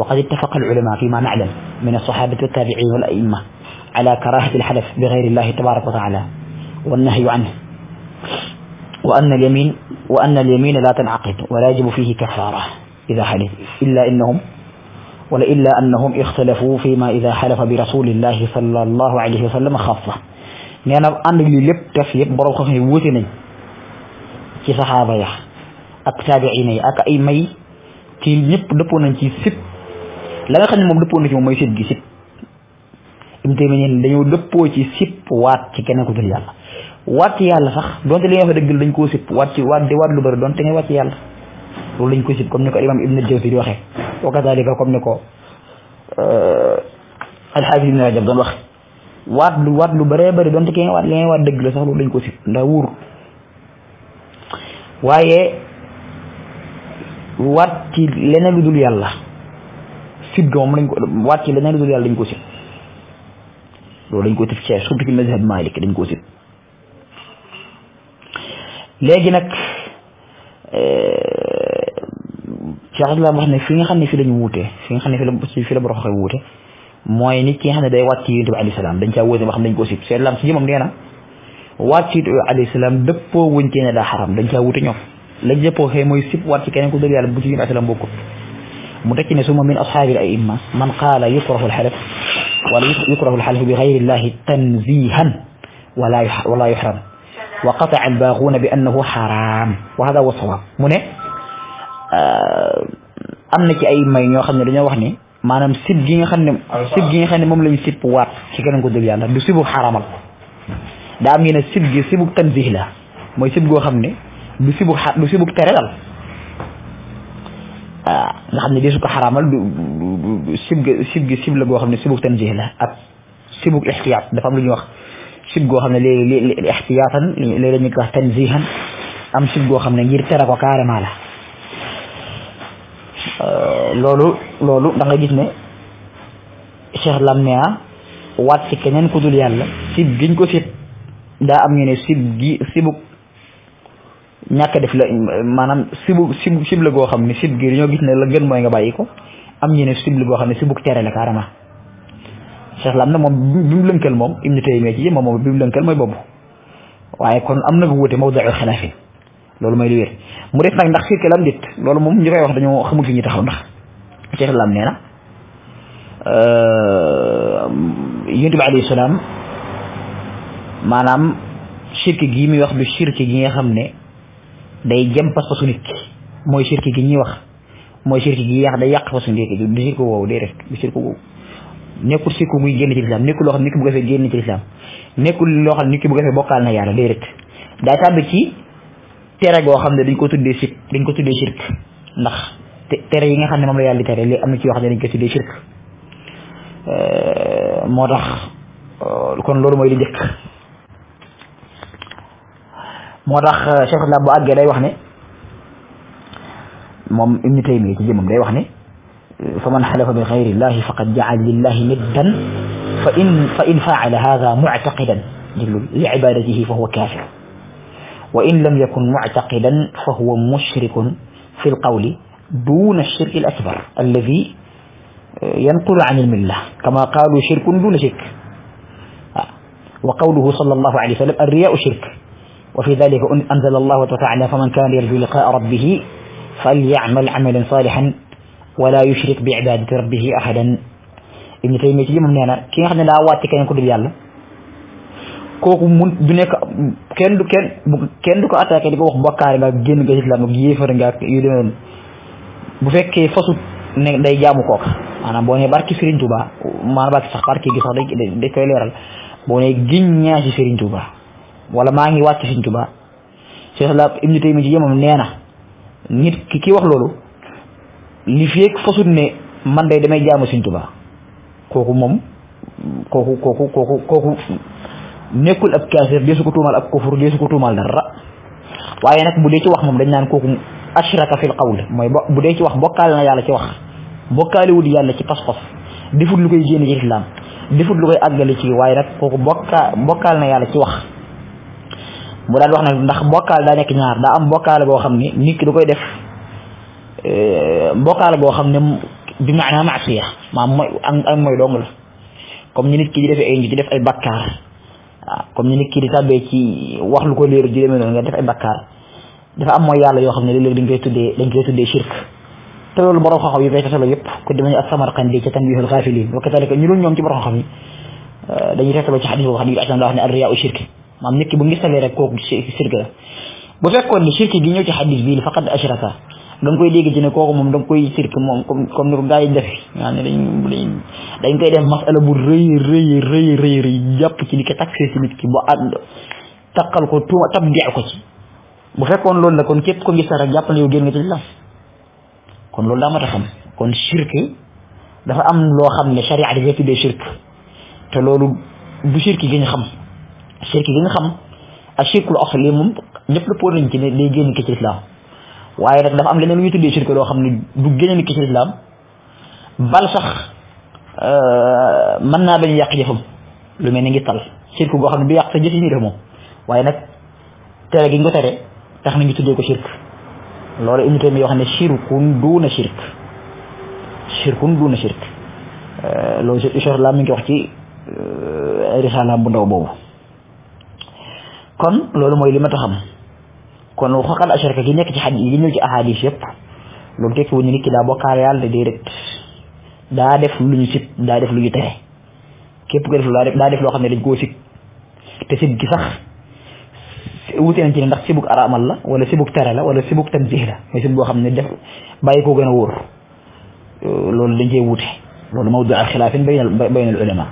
وقد اتفق العلماء فيما نعلم من الصحابة والتابعين والأئمة على كراهة الحلف بغير الله تبارك وتعالى والنهي عنه وأن اليمين وأن اليمين لا تنعقد ولا يجب فيه كفارة إذا حلف إلا إنهم ولإلا أنهم اختلفوا فيما إذا حلف برسول الله صلى الله عليه وسلم خاصة nee na يلب lii بروخة وثني كصحابة borom xam ne wuute nañ la nga xam ne moom dëppoo na moom mooy sib gi sib Ibnu Taymiyya ne dañoo dëppoo ci sib waat ci keneen ko dul yàlla waat ci yàlla sax donte li nga wax dëgg koo sib ci waat di waat lu bëri donte ngay waat ci yàlla loolu lañ ko sib comme ni ko imaam Ibnu al-Jawzi di waxee wa kadalika ko euh, al-Hafiz Ibnu Rajab doon wax waat lu waat lu bëree bëri donte ki nga dëgg la sax loolu lañ ko sib ndax wóor waaye waat ci leneen lu dul yàlla sib ga moom lañ ko waat ci leneen lu dul yàlla dañ ko sib loolu dañ def ci surtout ci mazhab Malik dañ ko sib léegi nag eh, Cheikh Islam wax ne fi nga xam ne fi lañu wuute fi nga xam ne fi la fi la borom waxee wuute mooy nit ki nga xam ne day waat ci yonent bi salaam dañ caa wóote ba xam dañ ko si jëmam nee na waat ci yonent bi alayhi salaam dëppoo wuñ ci ne daa xaram dañ caa wute ñoom lañ dëppoo xëy mooy sib waat ci keneen ku dëgg yàlla bu ci yonent alayhi salaam bokkut متكن سوم من أصحاب الأئمة من قال يكره الحلف ولا يكره الحلف بغير الله تنزيها ولا ولا يحرم وقطع الباغون بأنه حرام وهذا هو الصواب من أمنك أي ما يخدم الدنيا وحني ما نم سبجين خدم سبجين خدم مم لم سب وات كأنه قد يلا دسيب حرام الله دام ينسب جسيب تنزيه له ما يسب جو خدم دسيب دسيب ترى nga xam desu ko haramal du sib ga sib gi sib la goo xam ne tanjih la ak sibug ihtiyat dafa am lu ñu wax sib go xam ne léegi ihtiyatan léegi lañu ko wax tanjihan am sib go xam ngir tera ko carrément la lolu lolu da nga gis ne Cheikh lamnea wat ci kenen ku dul yàlla sib giñ ko sib da am ñene sib gi sibuk ñàkk def la maanaam sibu sib sib la goo xam ne sib gi dañoo gis ne la gën mooy nga bàyyi ko am ñu ne sib la goo xam ne sibuk tere la carrément Cheikh Lam na moom bi mu moom Ibnu Taymiyya ci moom moom bi mu mooy boobu waaye kon am na bu wute mawduu xilaafin loolu mooy lu wér mu ndax sirke lam loolu moom ñi koy wax dañoo xamul fi ñu taxaw ndax na euh, yonent bi alayhi salaam maanaam sirke gii muy wax du sirke gi nga xam ne day jëm pas-pasu nit mooy sirki gi ñuy wax mooy sirki gi yàq day yàq pasu nit ki du sirku woowu day def du sirku woowu nekkul sirku muy génn ci lislaam nekkul loo xam nit ki bu gasee génn ci lislaam nekkul loo xam nit ki bu gasee bokkaal na yàlla déedéet daa tàbbi ci tere goo xam ne dañ ko tuddee sirk dañ ko tuddee sirk ndax tere yi nga xam ne moom la yàlla di tere li am na ci wax xam ne dañ ko tuddee sirk moo tax kon loolu mooy li njëkk motax Cheikh Islam bu agge day wax ne mom ibn taymiyyah ci jëmum day wax ne fa man xalafa bi ghayri allah faqad jaala lillah niddan fa in fa in faala hadha mu'taqidan li ibadatihi fa huwa kafir wa in lam yakun mu'taqidan fa huwa mushrikun fi al duna alshirki al akbar alladi yanqulu an almilla kama qalu shirkun duna shirk wa qawluhu sallallahu alayhi wa sallam alriyau وفي ذلك أنزل الله تعالى فمن كان يرجو لقاء ربه فليعمل عملا صالحا ولا يشرك بعبادة ربه أحدا ابن تيمية جيم من هنا كي نحن لا واتي كي نكون ديال كوكو من دونيك كين دو كين كين دو كأتا كي نكون بكاري ما جين جيت لما جيفر نجاك يدمن بفك كي فصل نعدي جام كوك أنا بوني بارك سيرين توبا ما بارك سكار كي جسالي دكتور ليرال بوني جينيا سيرين توبا wala maa ngi wàcc Sëriñ Tuubaa Cheikh la Ibnu Taymiya ci yemam nee na nit ki ki wax loolu li feeg fasut ne man day damay jaamu Sëriñ Tuubaa kooku moom kooku kooku kooku kooku nekkul ab kaafir deesu ko tuumaal ab kufur deesu ko tuumaal dara waaye nag bu dee ci wax moom dañ naan kooku ashraka fil qawl mooy bu dee ci wax bokkaale na yàlla ci wax bokkaale wut yàlla ci pas-pas defut lu koy génne ci islam defut koy àggale ci waaye nag kooku bokka bokkaale na yàlla ci wax mu daan wax nag ndax bokkaal daa nekk ñaar daa am bokkaale goo xam ne nit ki du koy def eh, bokkaale goo xam ne bi maanaam maasiya maam mooy ak mooy dong la comme ni nit defee ay di def ay bakkaar waaw comme ni kii ki di tàbbee ci wax lu ko leer di demee noonu nga def ay bakkaar dafa am mooy yàlla yoo xam ne léeg-léeg dañ koy tuddee dañ koy tuddee shirk te loolu borom xam-xam yi koy tasalo yëpp ku demee as-Samarqandi ca Tanbihul Ghafilin ñoom ci borom xam yi eh, dañuy tasalo ci xadis boo xam ne bi aslam daa wax ne maam nikki ki bu ngisalee rek kooku sirk la bu fekkoon ne sirk gi ñëw ci xadis bii faqad ashraka da nga koy dégg ci ne kooku moom da nga koy sirk moom comme comme ni ko gars yi def yaa ne dañ koy def masala bu rëy rëy rëy jàpp ci di ko taxé si nit ki ba ànd taqal ko tuuma tab deew ko ci bu loolu la kon képp ko ngisal rek jàpp na yoo génn nga ci lislaam kon loolu daa mat a xam kon sirk dafa am loo xam ne charia dafay tuddee sirk te loolu du sirk gi ñu xam shirk gi nga xam ak shirkul asli moom ñépp dëppoo nañ ci ne day génn ki ci lislaam waaye nag dafa am leneen lu loo xam ne du génn ki ci lislaam sax euh, mën naa bañ yàq jëfam lu mel ni ngi tal shirk xam ne du yàq sa jëf yi ñu def moom waaye nag tere gi ko tere tax na ñu tuddee ko shirk loolu Ibnu Taymiyya yoo xam ne shirkun duuna shirk shirkun duuna shirk euh, loolu Cheikh Islam mi ngi wax ci euh, risaalaam bu ndaw boobu kon loolu mooy li ma xam kon xoqal asharka gi nekk ci a yi ñëw ci ahadis yëpp loolu tekki wu ñu nit ki daa bokkaale yàlla déedéet daa def lu ñu sib daa def lu ñu tere képp ko def daa def loo xam ne dañ ko sib te sib gi sax wute nañ ci ne ndax sibuk araamal la wala sibuk tere la wala sibuk tanzih la mooy sib boo xam ne def bàyyi koo gën a wóor loolu dañ cee wute loolu mawdu al xilaafin bayna bayna al ulama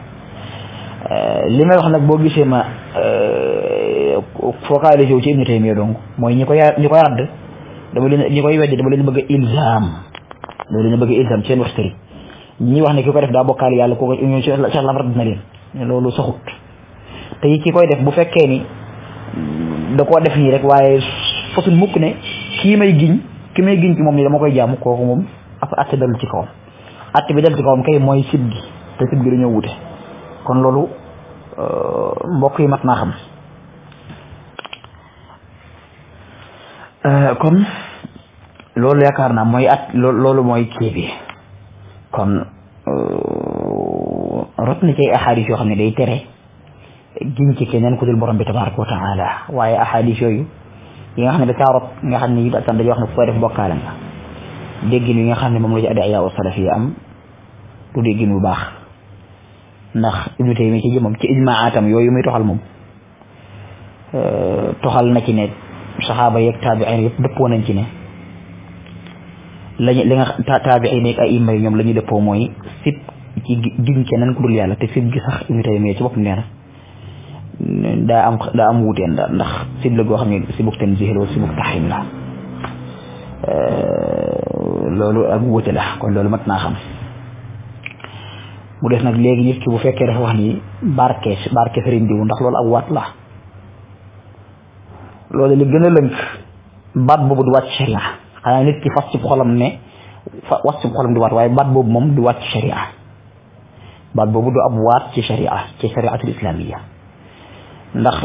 Euh, li may wax nag boo gisee ma euh, focalisé wu ci Ibnu Taymiya mooy ñi koy ñi koy radd dama leen ñi koy weddi dama leen bëgg a ilzam dama leen bëgg a ilzam seen wax wax ne ki ko daa bokkaal yàlla kooku ñoom Cheikh Islam radd na leen loolu saxut te it ki koy def bu fekkee ni mm, da koo def nii rek waaye fasul mukk ne kii may giñ ki may giñ ki moom ni dama koy jaamu kooku moom ab atte dalul ci kawam atte bi dalul ci kawam kay mooy sib gi te sib gi ñëw wute kon loolu euh, mbokk yi mat na xam euh, kon loolu yaakaar naa mooy at loolu mooy kii kon euh, rot na ci ahadis yoo xam ne day tere giñ ki keneen ku dul borom bi tabaraka wa taala waaye ahadis yooyu yi nga xam ne dafa rot nga xam ne yi daatan dañuy wax ne foo def bokkaale nga déggin yi nga xam ne moom la ci adi ayaa salafi am du déggin bu baax ndax ibnu taymiya ci jëmam atam ijmaatam yooyu muy toxal moom euh, toxal na ci ne saxaaba yeeg taabiin yëpp dëppoo nañ ci ne lañu li nga taabiin yeeg ay imma ñoom la ñu dëppoo mooy sib ci giñ keneen ku dul yàlla te sib gi sax ibnu taymiya ci boppam nee daa am daa am wuuteen daal ndax sib la goo xam ne sibuk tanzih la wala sibuk taxrim la euh, loolu ak wuute la kon loolu mat naa xam mu def nag léegi nit ki bu fekkee dafa wax ni barke barke sëriñ diw ndax loolu ak waat la loolu li gën a lënk baat boobu du wàcc sharia xanaa ki fas ci xolam ne fa was ci xolam di waat waaye baat boobu moom du wàcc sharia baat boobu du ab waat ci sharia ci shariatul islamiyya ndax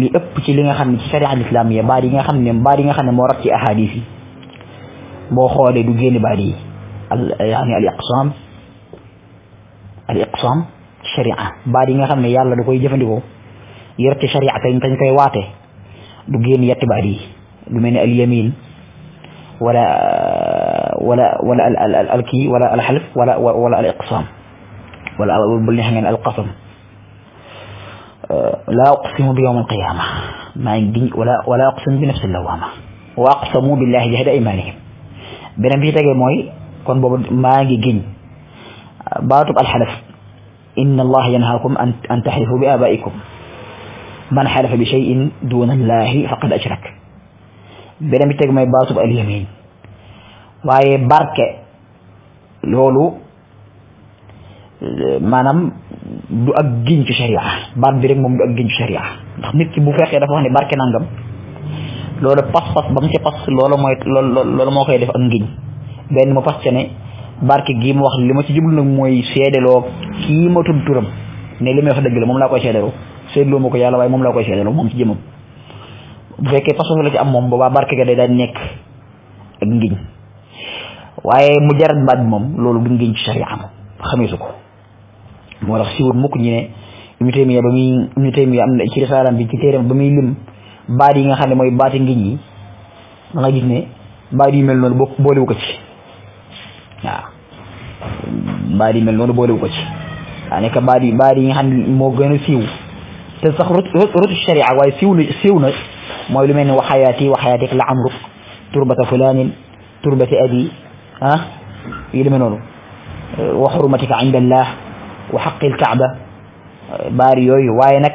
li ëpp ci li nga xam ne ci shariatul islamiyya baat yi nga xam ne baat yi nga xam ne moo rat ci ahadis yi boo xoolee du génn baat yi al yaani al al iqsam sharia baat yi nga xam ne yàlla da koy jëfandikoo yor ci sharia tañ tañ koy waate du génn yetti baat yi lu mel ni al yamin wala wala wala al al al kii wala al xalf wala wala al iqsam wala bu neex ngeen al qasam laa uqsimu bi yowm alqiyama maa ngi giñ wala wala uqsimu bi nafsi lawama wa aqsamu billahi jahda aymanihim beneen bi ci tegee mooy kon boobu maa ngi giñ باطب الحلف إن الله ينهاكم أن تحلفوا بآبائكم من حلف بشيء دون الله فقد أشرك beneen bi teg mooy baatub al yamin waaye barke loolu maanaam du ak giñ ci sharia baat bi rek moom du ak giñ ci sharia ndax nit ki bu fekkee dafa wax ne barke nangam loolu pas-pas ba mu ci pas loolu mooy loolu moo koy def ak ngiñ benn mu pas ca ne barke gii mu wax li ma ci jublu nag mooy seedeloo kii ma tudd turam ne li may wax dëgg la moom laa koy seedeloo seedeloo ma ko yàlla moom laa koy seedeloo moom ci bu fekkee façon la ci am moom boobaa barke ga day daan nekk ak ngiñ waaye mu jarat mbaat bi moom loolu du ngiñ ci sharia moom su ko moo tax siwut mukk ñu ne Ibnu Taymiya ba muy Ibnu Taymiya am na ci risaalam bi ci ba muy lim baat yi nga xam ne mooy baati ngiñ yi da nga gis ne baat yu mel noonu boo boolewu ko ci waaw baari mel noonu boolewu ko ci daa nekk baar yi baar yi nga xam ne moo gën a siiw te sax rotu sharia waaye siiw na siiw na mooy lu mel ni waxayaati waxayaatik la amruk turbata fulanin turbati abi ah yi demee noonu wa xurmatika inda allah wa xaqil kaaba baar yooyu waaye nag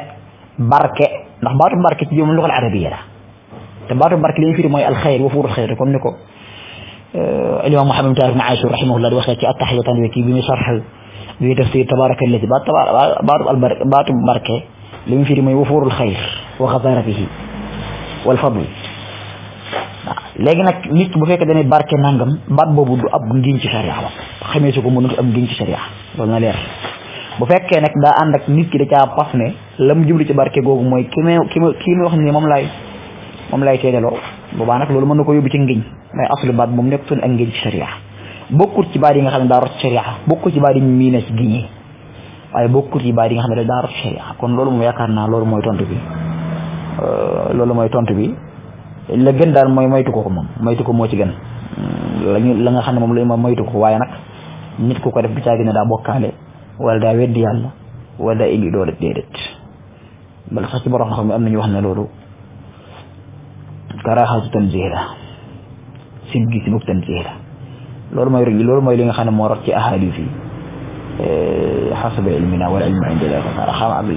barke ndax baatu barke ci jëm luxal arabiya la te baatu barke li ñu firi mooy alxayr wa fuurul xayr comme ni ko آه، الإمام محمد بن تارك معاشر رحمه الله وخيتي التحية ويكي بمشرح في تفسير تبارك الذي بات بات بات بركة لم في رمي وفور الخير وخزانة فيه والفضل لكنك نيت بفيك دني بركة نعم بات بود أب جنج شريعة خميس يوم بنت أب جنج شريعة ولا لير بفيك نك دا عندك نيت كده كأب بسنة لم جبلي تبارك جوج ماي كم كم كم وحني مملاي moom lay teedeloo boobaa nag loolu mën na ko yóbbu ci ngiñ mais aslu baat moom nekkutoon ak ngiñ ci sharia bokkut ci baat yi nga xam ne daa rot sharia ci baat yi mii na ci giñi waaye bokkut ci baat yi nga xam ne daa rot sharia kon loolu moom yaakaar naa loolu mooy tontu bi euh, loolu mooy tontu bi la gën daal mooy maytu ko ko moom moytu ko moo ci gën hmm, lañu la nga xam ne moom la imaam maytu ko waaye nag nit ku ko def bi caagi ne daa bokkaale wala daa weddi yàlla wala daa indi doole déedéet bala sax ci borom xam ne am na nañu wax ne loolu karaxatu tanzih la sib gi sibuk tanzih la loolu mooy loolu mooy li nga xam ne moo rot ci ahadis yi eh, xasaba ilmina a ilmu indina fasara xam ak li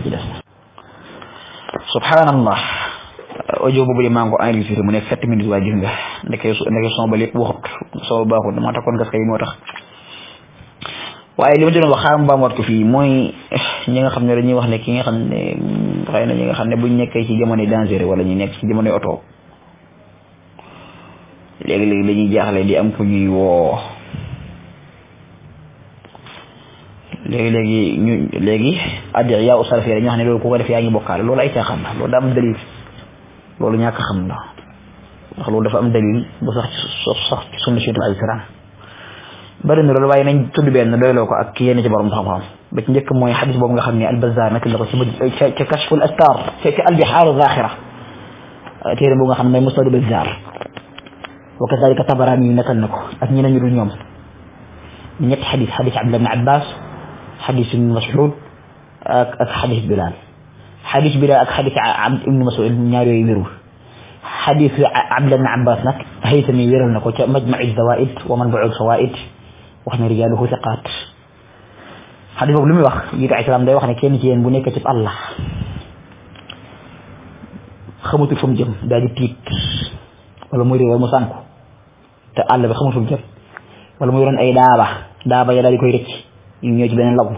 ci des mu nekk sept minutes waaye gis ba lépp waxut son ba baaxut gas kay moo tax waaye li ma doon wax xaaral mbaam wat fii mooy eh, ñi nga xam ne dañuy wax ne ki nga xam ne xëy mm, na ñi nga xam ne buñ nekkee ci jamono dangereux wala ñu nekk ci jamono oto léegi-léegi dañuy jaaxle di am ku ñuy woo léegi-léegi ñu léegi addi yaa usal fii dañoo xam ne loolu ko def yaa ngi bokkaale loolu ay caaxaan la loolu daa am loolu ñàkk xam la ndax loolu dafa am dalil bu sax ci sax ci sunna si ay siraam bari na loolu waaye nañ tudd benn doyloo ko ak yenn ci borom xam-xam ba ci njëkk mooy xadis boobu nga xam ne albazar nag la ko ci ca ca kashful astar ca ca albihaaru zaaxira téere boobu nga xam ne musnadu bazar وكذلك تبراني نتا نكو اك ني نيو نيوم نيت حديث حديث عبد الله بن عباس حديث ابن مسعود اك اك حديث بلال حديث بلال اك حديث عبد ابن مسعود نياري ويرو حديث عبد الله بن عباس نك هيثمي ويرل نكو مجمع الزوائد ومنبع الفوائد وحنا رجاله ثقات حديث بقول لي واخ يدعي السلام داي واخني كين جين بو نيك الله خموتي فم جيم دادي تيت ولا موري ولا مسانكو te àll bi xamul fu mu jëm wala mu yoroon ay daaba daaba ya daal di koy rëcc yu ñëw ci beneen lagu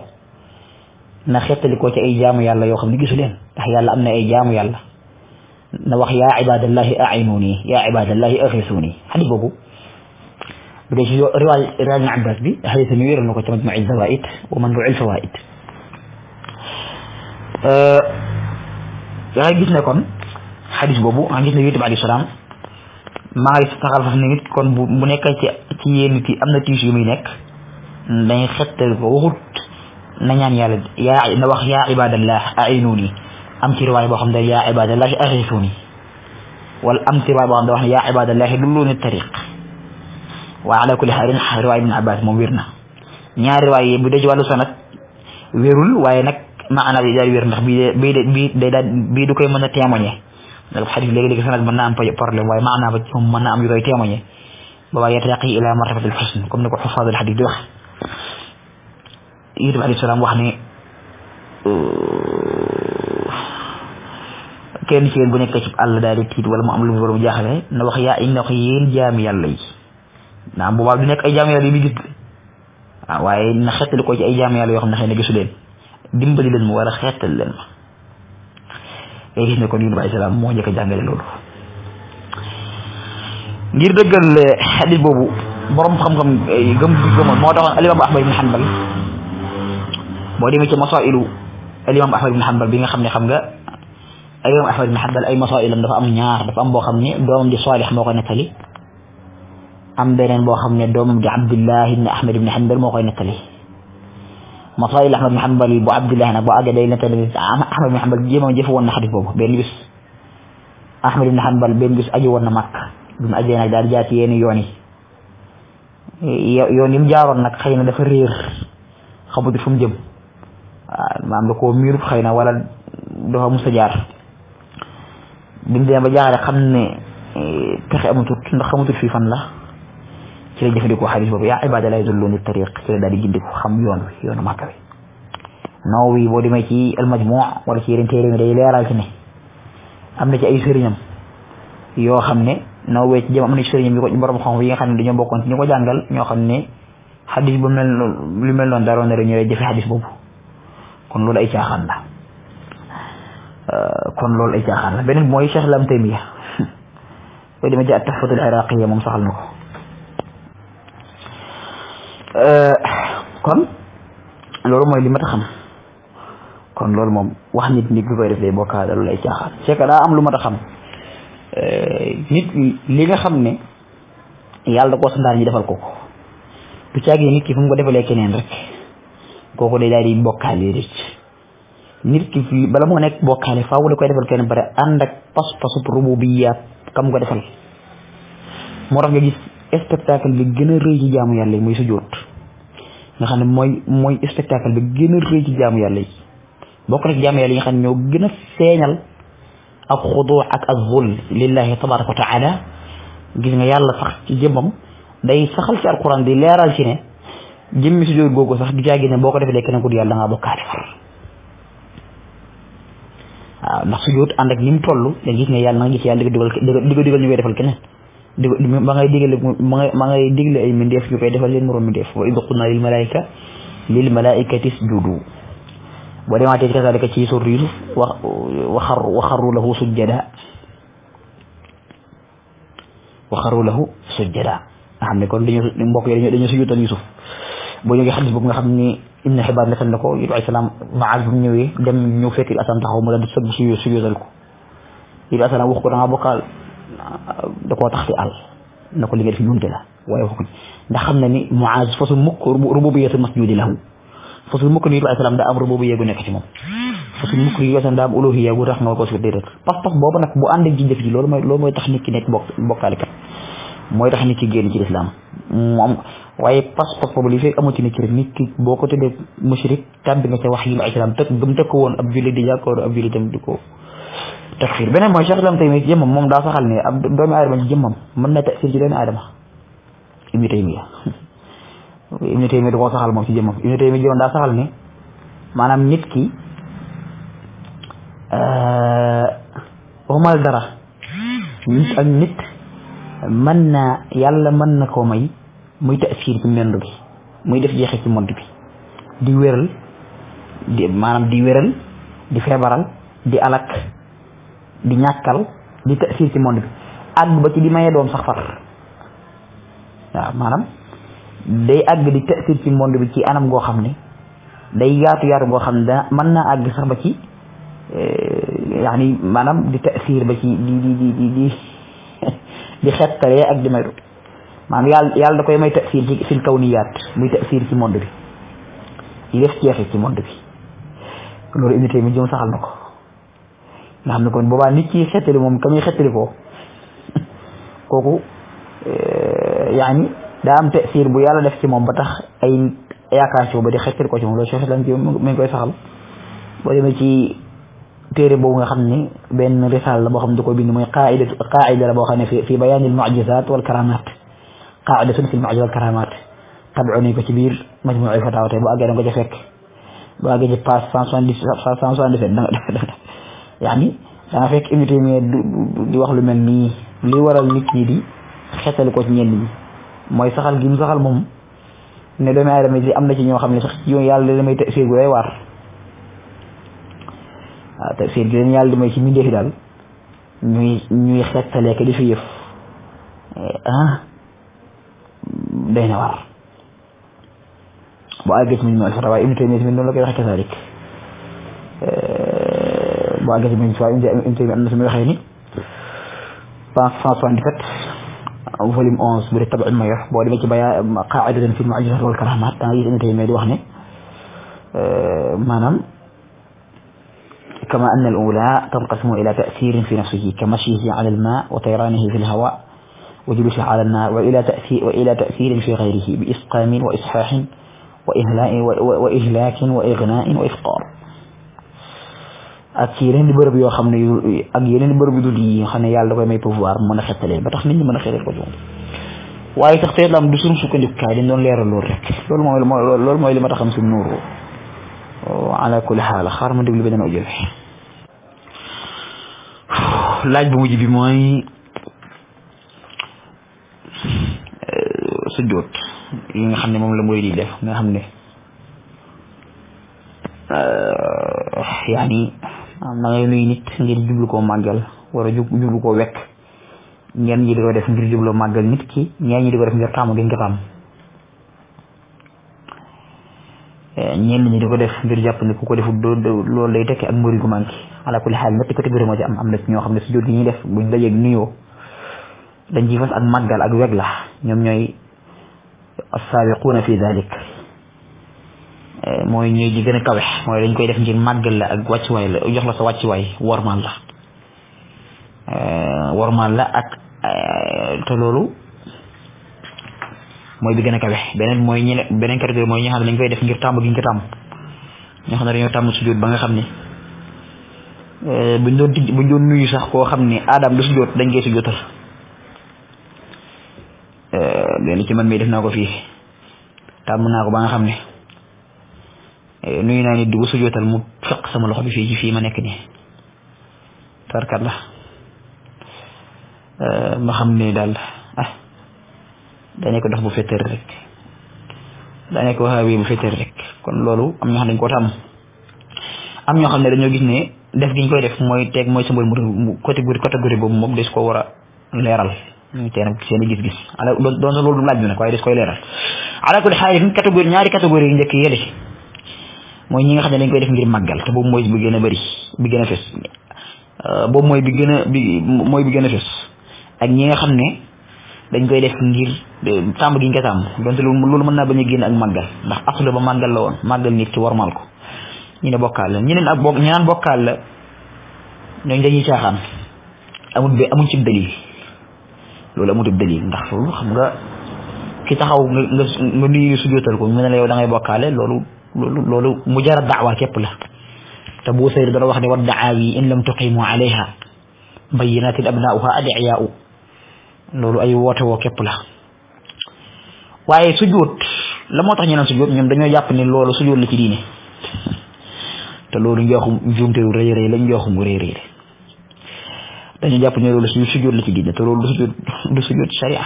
na xettali ko ci ay jaamu yàlla yoo xam ne gisu leen ndax yàlla am na ay jaamu yàlla na wax yaa ibadallahi a'inuni yaa ibadallahi aghithuni xadis boobu bu dee ci riwaay riwaay ibn Abbas bi xadis mi wéral na ko ci majmu'i zawaid wa manbu'il fawaid yaa gis ne kon xadis boobu nga gis ne yutub alayhi salaam maarif saxal foofu nit kon bu bu nekkee ci ci yéen nit yi am na tiis yu muy nekk dañ xette waxut na ñaan yàlla yaa na wax yaa ibadallah a'inuuni am ci riwaay boo xam ne yaa ibadallahi aghithuuni wala am ci riwaay boo xam ne wax ne yaa ibadallahi dulluuni tariq wa ala kulli xaalin riwaay ibn abbas moom wér na ñaari riwaay bu dee ci wàllu sanad wérul waaye nag maana bi daal wér ndax bii de bii de bii day daal bii du koy mën a témoigner ndax xadis léegi-léegi sanad mën naa am problème waaye maanaa ba ci moom mën naa am yu koy témoigné ba waaye yartaqi ila martabatil xusn comme ni ko xufaadul xadis di wax yonent bi alayhi salaam wax ne kenn ci bu nekk ci àll daal tiit wala mu am lu mu war a jaaxle na wax yaa inna ko yéen jaami yàlla yi naam boobaa du nekk ay jaami yàlla yi gis ko ci ay jaami yàlla yoo xam ne xëy leen dimbali leen mu war a xettal leen ma ngay gis ne kon Yunus alayhi salaam moo njëkk a jàngale loolu ngir dëggal eh, xadis boobu borom xam-xam eh, gëm gëmoon moo taxoon alimam Ahmad ibn Hanbal boo demee ci masailu alimam Ahmad ibn Hanbal bi nga xam ne xam nga alimam Ahmad ibn Hanbal ay masailam dafa am ñaar dafa am boo xam ne doomam di Salih moo koy nettali am beneen boo xam ne doomam di Abdullah ibn Ahmad ibn Hanbal moo koy nettali مصايل احمد محمد ابو عبد الله انا ابو اجا دينا احمد محمد جيما جيف ون حديث بابا بين بس احمد بن حنبل بين بس اجي ون مكه بن اجي انا دار جاتي يوني يوني يوني مجارون نك خينا دفا رير خبودي فم جيم ما عندك مير خينا ولا دوها مستجار بن دي ابو جاري خمني تخي امتو تخي امتو في فن لا ci la jëfandikoo xadis boobu yaa ibaada lay zulluuni tariq ci la daal di gindiku xam yoon wi yoonu màkk wi naw wi demee ci almajmuu wala ci yeneen téere mi day leeral ci ne am na ci ay sëriñam yoo xam ne naw ci jëm am na ci sëriñam yu ko borom xam yi nga xam ne dañoo bokkoon ñu ko jàngal ñoo xam ne xadis bu mel lu mel noonu daroon na rek ñu lay jëfe boobu kon loolu ay caaxaan la kon loolu ay caaxaan la beneen mooy Cheikh Lam Taymiya boo demee ci at-Tuhfatul Iraqiyya moom saxal na ko Euh, kon loolu mooy li ma ta xam kon loolu moom wax nit nit lu koy def day bokkaale lu lay caaxaan c'est daa am lu ma ta xam euh, nit li nga xam ne yàlla da koo santaan ñi defal ko ko du caagi nit ki fu mu ko defalee keneen rek kooku day daal di bokkaale rëcc nit ki bala moo nekk bokkaale faaw la koy defal keneen bare ànd ak pas-pasu rububiya kam ko defal moo tax nga gis spectacle bi gën a rëy ci jaamu yàlla yi muy sujjóot nga xam ne mooy mooy spectacle bi gën a rëy ci jaamu yàlla yi bokk na ci jaamu yàlla nga xam ne ñoo gën a feeñal ak xuduu ak ak zul lillahi tabaraka wa nga yàlla sax ci jëmmam day saxal ci alquran di leeral ci ne jëmmi sujjóot googu sax du jaagi ne boo ko defee day keneen ku di yàlla da ngaa bokkaati far waaw ndax sujjóot ànd ak ni mu toll gis nga yàlla na nga gis yàlla di ko digal di defal keneen di ma ngay digle ma ngay digle ay mindeef ñu koy defal leen moroom mindeef wa id qulna lil malaika lil malaikati isjudu boo demaatee ci kasaalika ci sur yusuf wa waxar waxaru lahu sujjada waxaru lahu sujjada nga xam ne kon dañu mbokk yi dañu dañu sujjutal yusuf boo ñëwee xadis boobu nga xam ni ibn xibaar netal na ko yusuf alayhi salaam maaz bu ñëwee dem ñu fekk asaan taxaw mu daal di sëgg suyu sujjutal ko yusuf alayhi salaam wax ko da nga bokkaal da koo tax fi àll na ko li nga def njuumte la waaye waxuñ ndax xam na ni Muaz fasul mukk rububiyatu masjudi lahu fasul mukk ni alayhi salaam daa am rububiya gu nekk ci moom fasul mukk ni alayhi salaam daa am uluhiya gu tax nga ko si déedéet pas-pas boobu nag bu ànd ak ji jëf ji loolu mooy loolu mooy tax nit ki nekk bokk bokkaalikat mooy tax nit ki génn ci lislaam moom waaye pas-pas boobu li fekk amu ci nit ki rek nit ki boo ko tëddee mushrik tàbbi nga ca wax yi alayhi salaam tëkk gëm tëkk woon ab jullit di jàkkoor ab jullitam di ko takfir beneen mooy Cheikh Islam moom daa saxal ne ab doomi aadama ci jëmmam mën na taksir ci doomi aadama Ibnu Taymiya Ibnu Taymiya da koo saxal moom ci jëmmam Ibnu Taymiya jëmmam daa saxal ne maanaam nit ki waxumal euh, dara nit ak nit na yàlla mën na koo may muy taksir ci mendu bi muy def jeexe ci mond bi di wéral di maanaam di wéral di feebaral di alak di ñàkkal di taasir ci monde bi àgg ba ci di maye doom sax far waaw maanaam day àgg di taasir ci monde bi ci anam goo xam ne day yaatu yaatu goo xam ne da mën naa àgg sax ba ci eh, yaani maanaam di taasir ba ci di di xettalee ak di may do maanaam yàlla yàlla da koy may taasir ci fil kawniyaat muy taasir ci mond bi di def jeexit ci mond bi loolu unité mi jëm saxal na ko nga xam kon boobaa nit ki xettali moom ka muy xettali ko kooku eh, yaani daa am tasiir bu yàlla def ci moom ba tax ay yaakaar ci ba di xettali ko ci moom loolu Cheikh Islam ci mi ngi koy saxal boo demee ci téere boobu nga xam ne benn risaal la boo xam ne da ko bind mooy qaida qaida boo xam ne fi fi bayaani al mu'jizat wal karamat qaidatun fi al mu'jizat wal karamat ko ci biir majmu'i fatawa tey bu àggee da nga ko ca fekk bu àggee ci page يعني دا فيك ايميتي دي واخ لو ملني لي ورال نيت ني دي خيتال كو ني ني موي ساخال غيم ساخال موم ني دومي ادم دي امنا سي ньо خامني ساخ يو يالا دي ماي تاثير غوي وار ا تاثير دي يالا دي ماي سي ميندي دال ني ني خيتال كي دي فيف ها دينا وار بو اجيت من ما سراي ايميتي ني من لو كي خيتال ليك agir men آه، كما أن الأولى تنقسم إلى تأثير في نفسه كمشيه على الماء وطيرانه في الهواء وجلوسه على النار وإلى تأثير وإلى تأثير في غيره بإسقام وإصحاح وإهلاء وإهلاك وإغناء وإفقار ak ci yeneen di bërëb yoo xam ne yu ak di bërëb yu dul xam ne yàlla koy may pouvoir mën a xettalee ba tax nit ñi mën a xeetal ko ci moom waaye tax te lam dañ doon leeral loolu rek loolu mooy loolu mooy li ma taxam suñu nuuru ala ma déglu beneen audio bi laaj mujj bi mooy euh, sujjóot yi nga xam ne moom la mooy di def nga xam ne euh, yaani am na ngay nuyu nit ngir jublu koo màggal wala jublu ko wek ñenn ñi di ko def ngir jublu màggal nit ki ñenn ñi di ko def ngir tàmm gi nga tàmm eh, ko def ngir jàpp ne ku ko defut doo loolu day tekki ak mbëri gu manqué ala kulli xaal ñetti catégorie moo ci am am na ci ñoo xam ne su jot gi ñuy def buñ la yëg nuyoo dañ ciy fas ak màggal ak weg la ñoom ñooy assaabiquuna fi dalik Eh, mooy ñëw ji gën a kawe mooy dañ koy def ngir màggal la ak waay la jox la sa waay wormaal la eh, wormaal la ak eh, te loolu mooy bi gën a kawe beneen mooy ñi beneen catégorie mooy ñi ne dañ koy def ngir tàmm gi ñu ko tàmm ñoo xam ne dañoo tàmm sujjóot ba nga xam ne buñ doon tijj buñ doon nuyu sax koo xam ne aadam du sujjóot dañ koy sujjóotal benn ci man mii def naa ko fii tàmm naa ko ba nga xam ne nuyu naa nit di ko sujootal mu fekk sama loxo bi fii ci fii ma nekk nii tarkat la euh, ma xam ne daal ah daanaka dox bu fetteer rek daanaka waxaawee bu fetteer rek kon loolu am ñoo xam dañ koo am ñoo xam ne dañoo gis ne def gi ñu koy def mooy teg mooy symbole mu catégorie catégorie boobu moom des ko war a leeral tey nag seen i gis-gis ala doon sa loolu laaj bi nag koy des koy leeral ala kulli xaalis catégorie ñaari catégorie yi njëkk yële mooy ñi nga xam ne dañ koy def ngir màggal te mooy bi gën a bëri bi gën euh, mooy bi gën a bi mooy gën a fes ak ñi nga xam ne dañ koy def ngir tàmb gi ñu ko tàmb donte loolu mën naa bañ a génn ak màggal ndax asula ba màggal la woon màggal nit ci maal ko ñu ne bokkaal la ñeneen ak bokk ñu naan bokkaal la ñooñu dañuy caaxaan amul ba amul ci dalil loolu amutub dalil ndax loolu xam nga ki taxaw nga nga nga ko mu ne la yow da bokkaale loolu loolu mu jara daawa képp la te bu sayr dana wax ne wa daawi in lam tuqimu alayha bayinatin abnaauha adiyaau loolu ay woote woo képp la waaye sujjóot la moo tax ñu naan sujjóot ñoom dañoo jàpp ni loolu sujjóot la ci diine te loolu njooxum njuumtewu rëy rëy la njooxum gu rëy rëy dañoo jàpp ne loolu sujjóot la ci diine te loolu du sujjóot du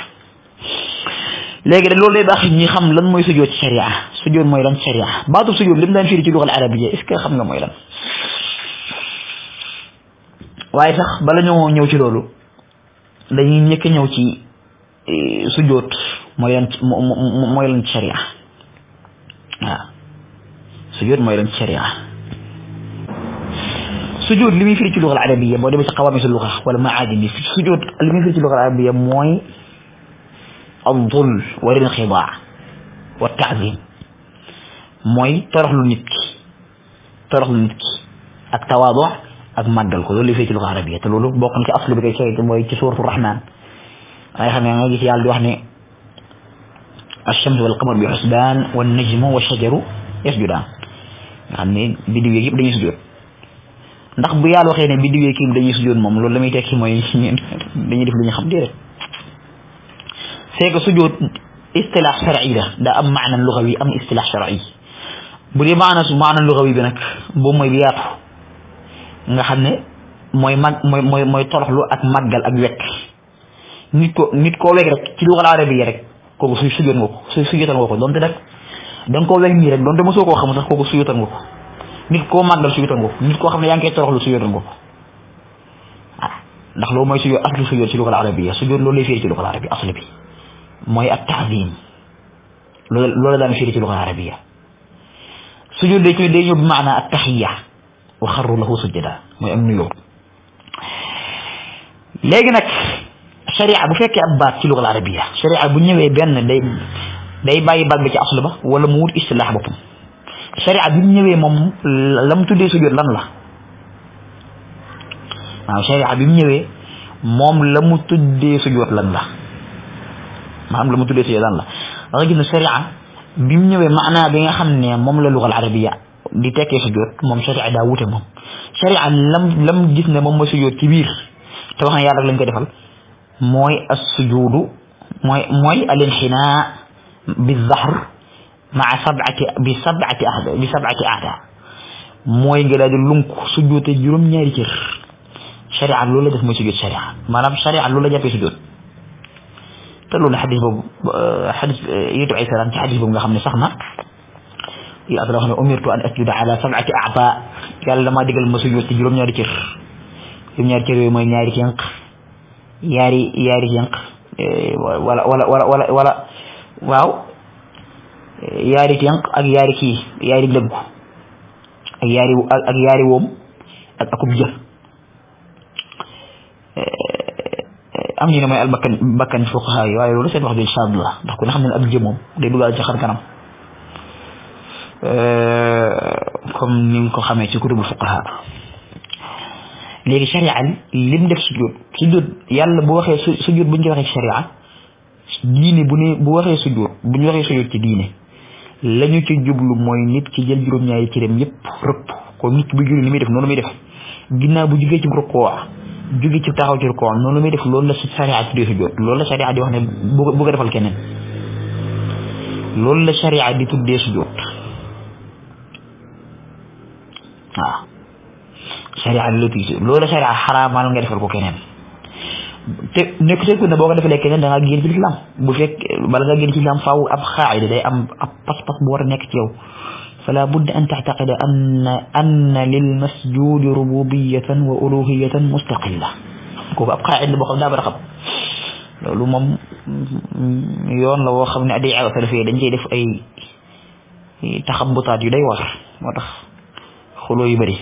léegi de loolu day baax ñi xam lan mooy sujjoot ci sharia sujjoot mooy lan sharia baatu sujjoot lim daan firi ci luxal arabiya est-ce que xam nga mooy lan waaye sax bala ñoo ñëw ci loolu dañuy ñëkk ñëw ci e, sujjoot mooy lan mooy lan sharia waaw sujjoot mooy lan sharia sujjoot li muy firi ci luxal arabiya boo demee ci xawaamisul luxa wala maadin yi sujjoot li muy firi ci luxal arabiya mooy الظل والانخضاع والتعظيم موي طرح نتك طرح نتك التواضع أجمدل كل اللي في الغربية تقول بقى أنك أصل بك شيء موي كسور الرحمن أي خلينا نجي في عالدوح الشمس والقمر بحسبان والنجم والشجر يسجدان يعني بدو يجيب دي يسجد ndax bu yalla waxé né bi di wéki dañuy sujoon mom loolu lamay tekki moy dañuy def luñu xam dé rek sai ga sujud istilah shar'i la da am ma'anan lugawi am istilah shar'i bu dee maana su maana lugawi bi nag boobu mooy bi yaatu nga xam ne mooy mag mooy mooy mooy toroxlu ak màggal ak wekk nit ko nit koo wekk rek ci lugal arabiya rek kooku suy sujud nga ko suy sujudal nga ko donte nag da nga koo wekk nii rek donte mosoo koo xam sax kooku sujudal nga ko nit koo màggal sujudal nga ko nit koo xam ne yaa ngi koy toroxlu sujudal nga ko ndax loolu mooy sujud aslu sujud ci lugal arabiya sujud loolu lay firi ci lugal arabiya aslu bi mooy ak taasim loolu daan firi ci luga arabiya sujud day ñëw day ñëw bi maana ak taxiya wa xarru lahu sujjada mooy am nuyoo léegi nag sharia bu fekkee ab baat ci lugal arabiya sharia bu ñëwee benn day day bàyyi baat ba ci aslu ba wala mu wut istilaax boppam sharia bi mu ñëwee moom la mu tuddee sujud lan la waaw sharia bi mu ñëwee moom la mu tuddee sujud lan la manam lamu tuddé ci tey lan la da nga gis ne sharia bi mu ñëwee maanaa bi nga xamné mom la lugal arabiya di tekké ci sujjóot mom sharia da wute mom sharia lam lam gis ne mom ma mooy sujjóot ci bir te wax yàlla rek lañ ko defal moy as sujud moy moy al inhina bi dhahr maa sabati bi sabati ahda bi sabati ahda moy nga daal di lunk sujjóote juróom-ñaari cër sharia lolu def mo ci sujjóot sharia manam sharia lolu la jappé ci sujjóot te loolu xadis boobu xadis yitu ay salaam ci xadis boobu nga xam ne sax na yi ak wax ne umirtu an asjuda ala sab'ati a'ba yàlla damaa digal ma sujjóot ci juróom-ñaari cër juróom-ñaari cër yooyu mooy ñaari yànq yaari yaari yànq wala wala wala wala wala waaw yaari yànq ak yaari kii yaari dëggu ak yaari ak yaari woom ak akub jë am ñu ne mooy al bakkan bakkan fuqaha yi waaye loolu seen wax ju saad la ndax ku ne xam ne ak jëmoom day duggaal ci xar kanam euh, comme ni ko xamee ci kutubu fuqaha léegi sharia lim def sujud sujud yàlla bu waxee su sujud buñ ci waxee ci sharia diine bu ne bu waxee sujud buñ waxee sujud ci diine lañu ci jublu mooy nit ki jël juróom-ñaari cëram yëpp rëpp ko nit bu julli ni muy def noonu muy def ginnaaw bu jugee ci rukkoo jugi ci taxaw ci rukoom noonu muy def loolu la sariya di tuddee sujjoot loolu la sariya wax ne bu ko defal keneen loolu la sariya di tuddee sujjoot waaw sariya di la tuddee loolu la sariya xaraamal nga defal ko keneen te nekk seku ne boo ko defalee keneen da ngaa génn ci lislaam bu fekk bala nga génn ci lislaam faaw ab xaayida day am ab pas-pas bu war a nekk ci yow فلا بد أن تعتقد أن أن للمسجود ربوبية وألوهية مستقلة كوب أبقى عند boo دابر خب bara xam loolu moom yoon la woo xam ne aday أي salafiyé dañ cey def eh, ay eh, taxabutaat yu day war moo tax xuloo yu bëri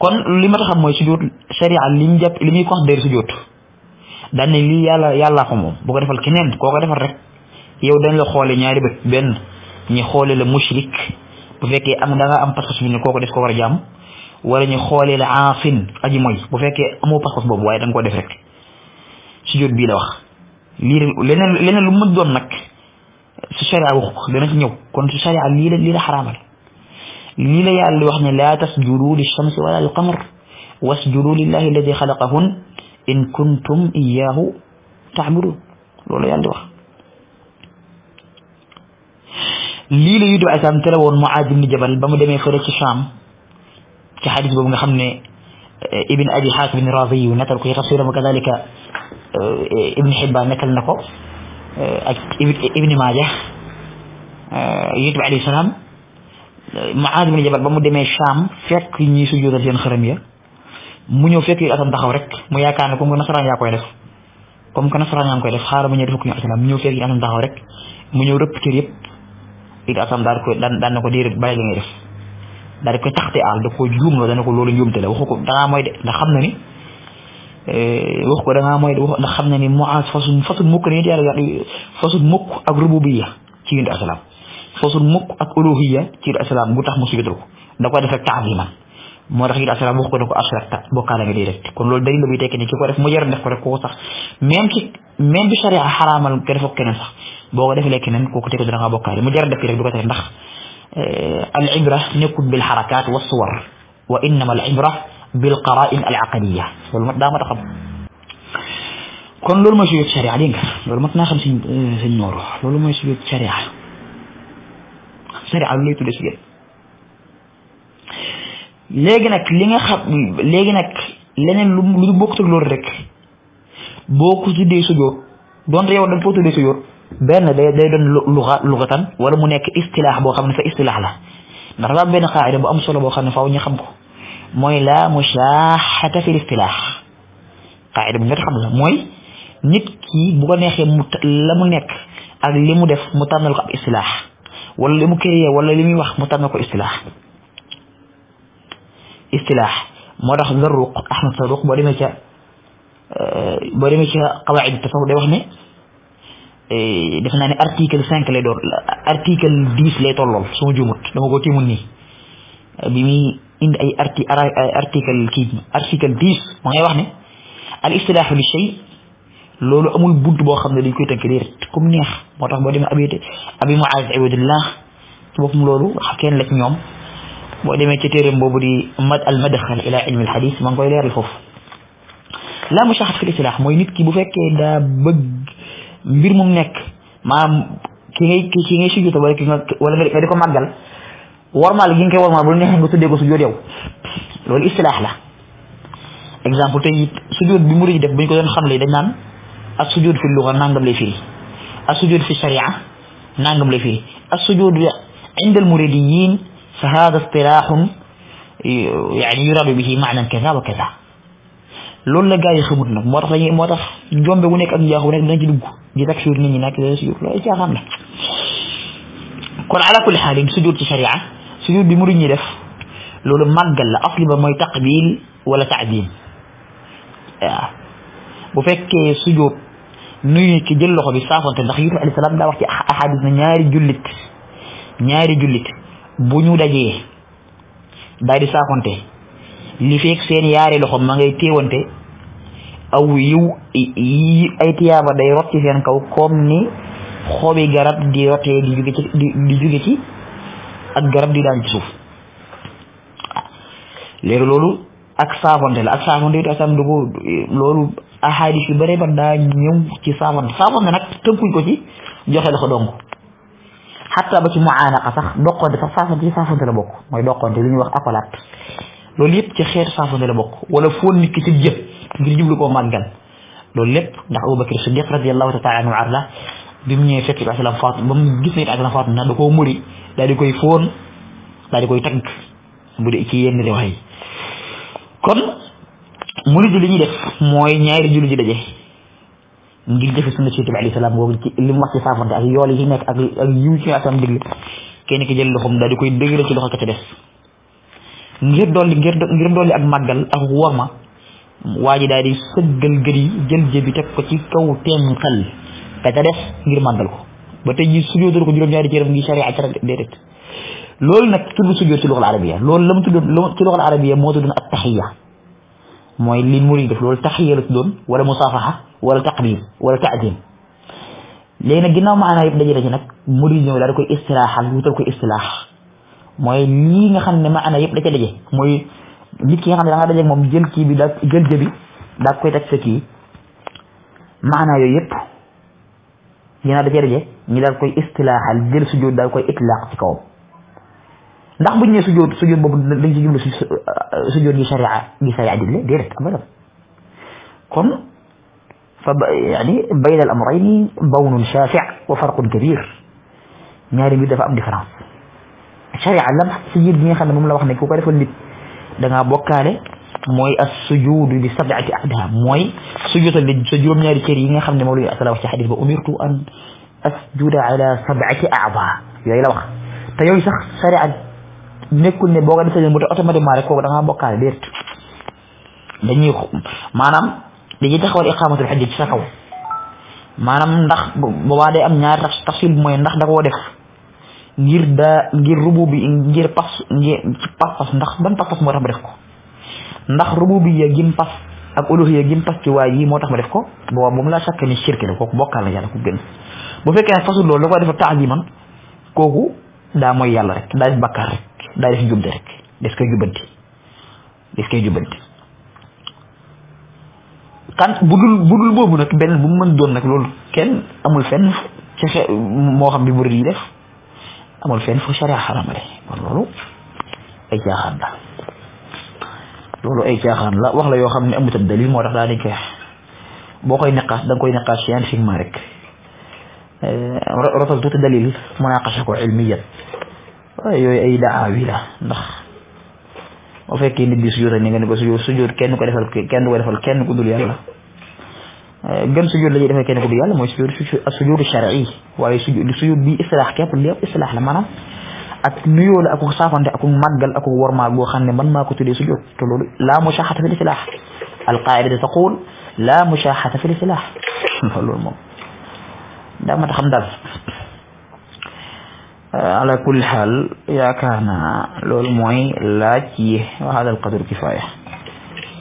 kon li ma taxam mooy sujjóot sharia li ñu jàpp li ñuy considéré sujjóot daan ne lii yàlla yàllaa ko moom bu ko defal keneen koo ko defal rek yow dañ la ñaari ñi xoolee la mushrik bu fekkee am da nga am pas-pas ñu ne kooku def ko war a jàmm wala ñu xoolee la aasin aji moy bu fekkee amoo pas-pas boobu waaye da nga ko def rek jot bii la wax lii leneen leneen lu mu doon nag su sharia waxu ko dana ci ñëw kon su sharia lii la lii la xaraamal lii la yàlla di wax ne laa tasjudu li shamsi wala al qamar wasjudu lillahi alladi xalaqahun in kuntum iyahu taabudun loolu yàlla di wax lii la Yuda alayhi salaam tere woon Muaaz ibn Jabal ba mu demee fële ci Sham ci xadis boobu nga xam ne eh, Ibn Abi Haatim ibn Razi nettal ko ci tafsiram kadalika eh, Ibn Hibbaan na ko eh, ak Ibn Maaja Yuda alayhi salaam Muaaz ibn Jabal ba mu demee Sham fekk ñi sujjóotal seen xërëm ya mu ñëw fekk Yuda alayhi salaam rek mu yaakaar ne comme que nasaraan yaa koy def comme que nasaraan yaa ngi koy def xaaral ñu mu ñëw fekk Yuda cër yëpp it asam daal ko daan daan na ko déedéet bàyyi li ngay def daal di ko caxte aal da ko juum la dana ko loolu njuumte la waxu ko dangaa mooy de na ni eh, wax ko dangaa mooy de na ni Muaaz fasul fasul mukk ne yàlla fasul mukk ak rububiya ci yonent asalaam mukk ak uluhiya ci yonent asalaam bu tax mu sujudal ko da koy def rek taaziman moo tax yàlla salaam wax ko ne ko ashrakta bokkaale nga direct kon loolu dalil la buy tekki ne ki ko def mu jar def ko rek kooku sax même ci même bi sharia xaraamal nga def ak keneen sax boo ko defee keneen kooku tekki dana nga bokkaale mu jar def ki rek du ko tere ndax al ibra nekkul bil xarakaat wa suwar wa innama al ibra bil qara'in al aqliya loolu mat daa mat a xam kon loolu mooy sujud sharia dégg nga loolu mat naa xam si si ñooro loolu mooy sujud sharia sharia lu lay tuddee sujud léegi nag li nga xam léegi nag leneen lu lu bokkut ak loolu rek boo ko tuddee sujjóot doonte yow da nga ko benn day day doon luxa luxatan wala mu nekk istilaax boo xam ne sa istilaax la ndax dafa benn xaarida bu am solo boo xam ne faaw ñu xam ko mooy laa la mushaaxata fi istilaax xaarida bu nga xam la mooy nit ki bu neexee mu la mu nekk ak li mu def mu tànnal ko ab istilaax wala li mu créé wala li muy wax mu tànnal ko istilaax استلاح مرخ ذرق احنا ذرق بريمك بريمك قواعد التفاوض دي وحني دفنا ني ارتيكل 5 لي دور ارتيكل 10 لي تولول سو جومت دما كو تيمون ني بيمي اند اي ارتي ارتيكل كي ارتيكل 10 ما غي وحني الاستلاح للشيء لولو امول بونت بو خامني دنج كوي تانك ريت كوم نيه موتاخ بو ديما ابي ابي معاذ عبد الله بوفم لولو حكين لك نيوم boo demee ci téeréem boobu di mad al madxal ila ilmi al xadis maa ngi koy leeral foofu la mushahat fi listilaax mooy nit ki bu fekkee daa bëgg mbir mu nekk maanaam ki ngay ki ngay sujjóota wala ki nga wala nga di ko màggal warmaal gi nga koy warmaal bu la neexee nga tuddee ko sujjóot yow loolu istilaax la exemple tey sujjóot bi murid yi def bu ñu ko doon xamle dañ naan ak sujjóot fi luga nangam lay firi ak sujjóot fi sharia nangam lay firi ak sujjóot bi indal muridiyin فهذا اصطلاح يعني يراد به معنى كذا وكذا لولا جاي خبرنا مرة ثانية مرة جون بقولك أن ياخونك من جدك جدك شو مني ناك ده شو لا إيش أعمل كل على كل حال سجود الشريعة سجود بمرين يلف لولا ما قال لا أصلي بما يتقبيل ولا تعديل بفك سجود نوي كجل خبي صافن تدخيل على السلام ده وقت أحد من ياري جلت ياري جلت bu ñu dajee daal di saakonte li feek seen yaari loxo maa ngi téewante aw yiw yi ay tiyaaba day rot ci seen kaw comme ni xobi garab di rotee di jóge ci ak garab di daal ci suuf léegi loolu ak saafonte la ak saafonte it asam du ko loolu ahadis yu bare ba daa ñëw ci saafonte saafonte nag tënkuñ ko ci joxe loxo dong xatta ba ci muaanaqa sax doqonte sax saafante ci saafante la bokk mooy doqonte lu ñuy wax akolaat loolu yëpp ci xeetu saafante la bokk wala foon nit ki ci jëf ngir jublu koo màggal loolu lépp ndax ba Siddiq radiyallahu taala anhu arda bi mu ñëwee fekk bi asalaam faatu ba mu gis na da koo mu daal di koy foon daal di koy tagg bu dee ci yenn riwaay yi kon muri ji li def mooy ñaari julli ji daje ngir jëfe sunna ci tibbi alayhi salaam googu ci li mu wax ci da ak yool yi nek ak ak yu ci atam digle kenn ki jël loxum daal di koy dëgëral ci loxo ka ca des ngir doli ngir ngir doli ak magal ak worma waji ji daal di sëggal gër jël jëbi tek ko ci kaw tem xal ka ca des ngir magal ko ba tey ji do ko juróom-ñaari cëram ngi sharia ci rek dedet loolu nak tuddu sujjóot ci luxal arabiya loolu lam tuddu ci luxal arabiya mo tuddu at tahiyya moy li mouride def loolu taxiya la tuddoon wala musafaha ولا تقديم ولا تعديم لين جينا معنا يبدا جينا جينا مورينيو دا كوي استراحه نوتال كوي استلاح موي ليغا خاندي معنا يبدا تي دجي موي نيت كي خاندي داغا دجي موم جيل كي بي دا جيل جيبي دا كوي تك سكي معنا يو ييب ينا دجي دجي ني دا كوي استلاح الجيل سجود دا كوي اطلاق سي كوم ndax buñ ñe sujud sujud bobu dañ ci jiblu sujud gi sharia gi sayadi le direct amalam kon يعني بين الأمرين بون شاسع وفرق كبير ñaari mbir dafa am différence sharia lam sujud bi nga xam ne moom la wax ne ku ko defal nit da ngaa bokkaale mooy as sujudu bi sab'ati aqdaha mooy sujudal sa juróom-ñaari cër yi nga xam ne moom la ñu asala wax ci xadis ba umirtu an asjuda ala sab'ati a'da yooyu la wax te yooyu sax sharia nekkul ne boo ko defee mu te automatiquement rek kooku da ngaa bokkaale déet dañuy maanaam dañuy taxawal iqaamatul xajja ci sa kaw maanaam ndax boobaa day am ñaari tax tafsil mooy ndax da def ngir da ngir rubu bi ngir pas ngir pas ndax ban pas-pas moo tax ba def ko ndax rubu bi ya gim pas ak uluhiyya gim pas ci waay yi moo tax ma def ko boobaa moom laa sàkk ni shirk la kooku bokkaal gën bu fekkee ne fasul loolu da koy def taajiman kooku daa mooy yàlla rek daa def bakkaar rek daa def jubde rek des koy jubbanti des koy jubbanti xant bu dul bu dul boobu nag beneen bu mu mën doon nag loolu kenn amul fenn moo xam bi murid yi def amul fenn fu sharia xaramale kon loolu ay caaxaan la loolu ay caaxaan la wax la yoo xam ne amut ab dalil moo tax daa nekk boo koy naqaas da nga koy naqaas scientifiquement rek eh, rotal tuuti dalil munaqasha ko yooyu ay daawi ndax bu fekke nit di sujud ni nga ne ko sujud sujud kenn ko defal kenn ko defal kenn ku dul yàlla gën sujud lañu defé kenn ku dul yàlla moy sujud sujud shar'i sujud sujjóot sujud bi islah kep li lépp islah la manam ak nuyo la aku saafante aku màggal aku wormaal worma go xamne man mako tudé sujud to lolu la mushahata fi islah al qa'ida taqul la mushahata fi islah lolu mom daa ma ta xam daal على كل حال يا كان لول موي لا وهذا القدر كفاية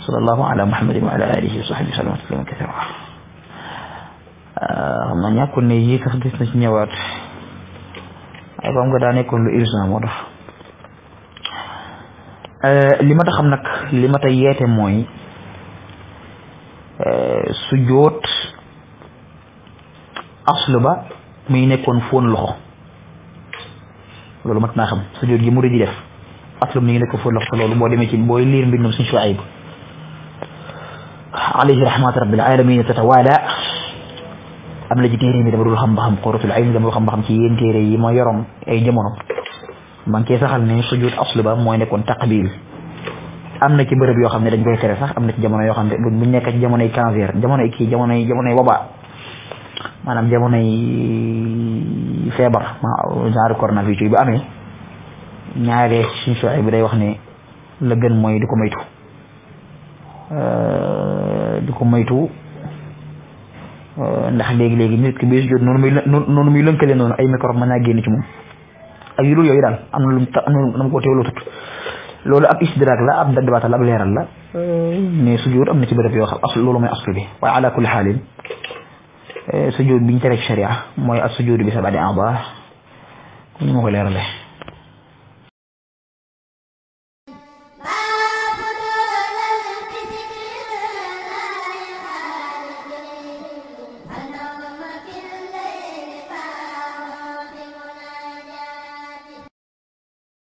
صلى الله على محمد وعلى آله وصحبه وسلم تسليما كثيرا آه، من يكون نيجي كفدت نجني وات أقوم قدان يكون لإرزا مرة لما تخمنك لما تيات موي آه، سجوت أصلبا مين يكون فون لخو lolu mat na xam sujjóot gi murid yi def atlum ni ñu nekk fo lox lolu mo demé ci boy lire mbindum suñ shuaib alayhi rahmatu rabbil alamin tatawala am la ci téere bi dama dul xam ba xam qurratul ayn dama xam ba xam ci yéen téré yi mo yorom ay jëmono man ngi saxal ne sujjóot aslu ba moy nekon taqbil am na ci bërëb yo xamne dañ koy tere sax am na ci jamono yoo xam ne buñ nekk ci jamonoy cancer jamonoy kii jamonoy jamonoy waba maanaam jamonoy feebar genre coronavirus bi amee ñaaree suñu soxla bi day wax ne la gën mooy di ko moytu euh, di ko moytu euh, ndax léegi-léegi nit ki bés jot noonu muy noonu muy lënkale noonu ay microbe ma naa génn ci moom ak yu yooyu daal am na lu am na mu ko teewloo tut loolu ab istidraak la ab dagdabaatal la ab leeral la euh, mais sujjóot am na ci bërëb yoo xam as loolu mooy aslu bi waaye ala kulli xaalin Eh, sujjóot biñ tere sharia mooy as sujjóot bi sab'ati a'daa ñu ma ko leerale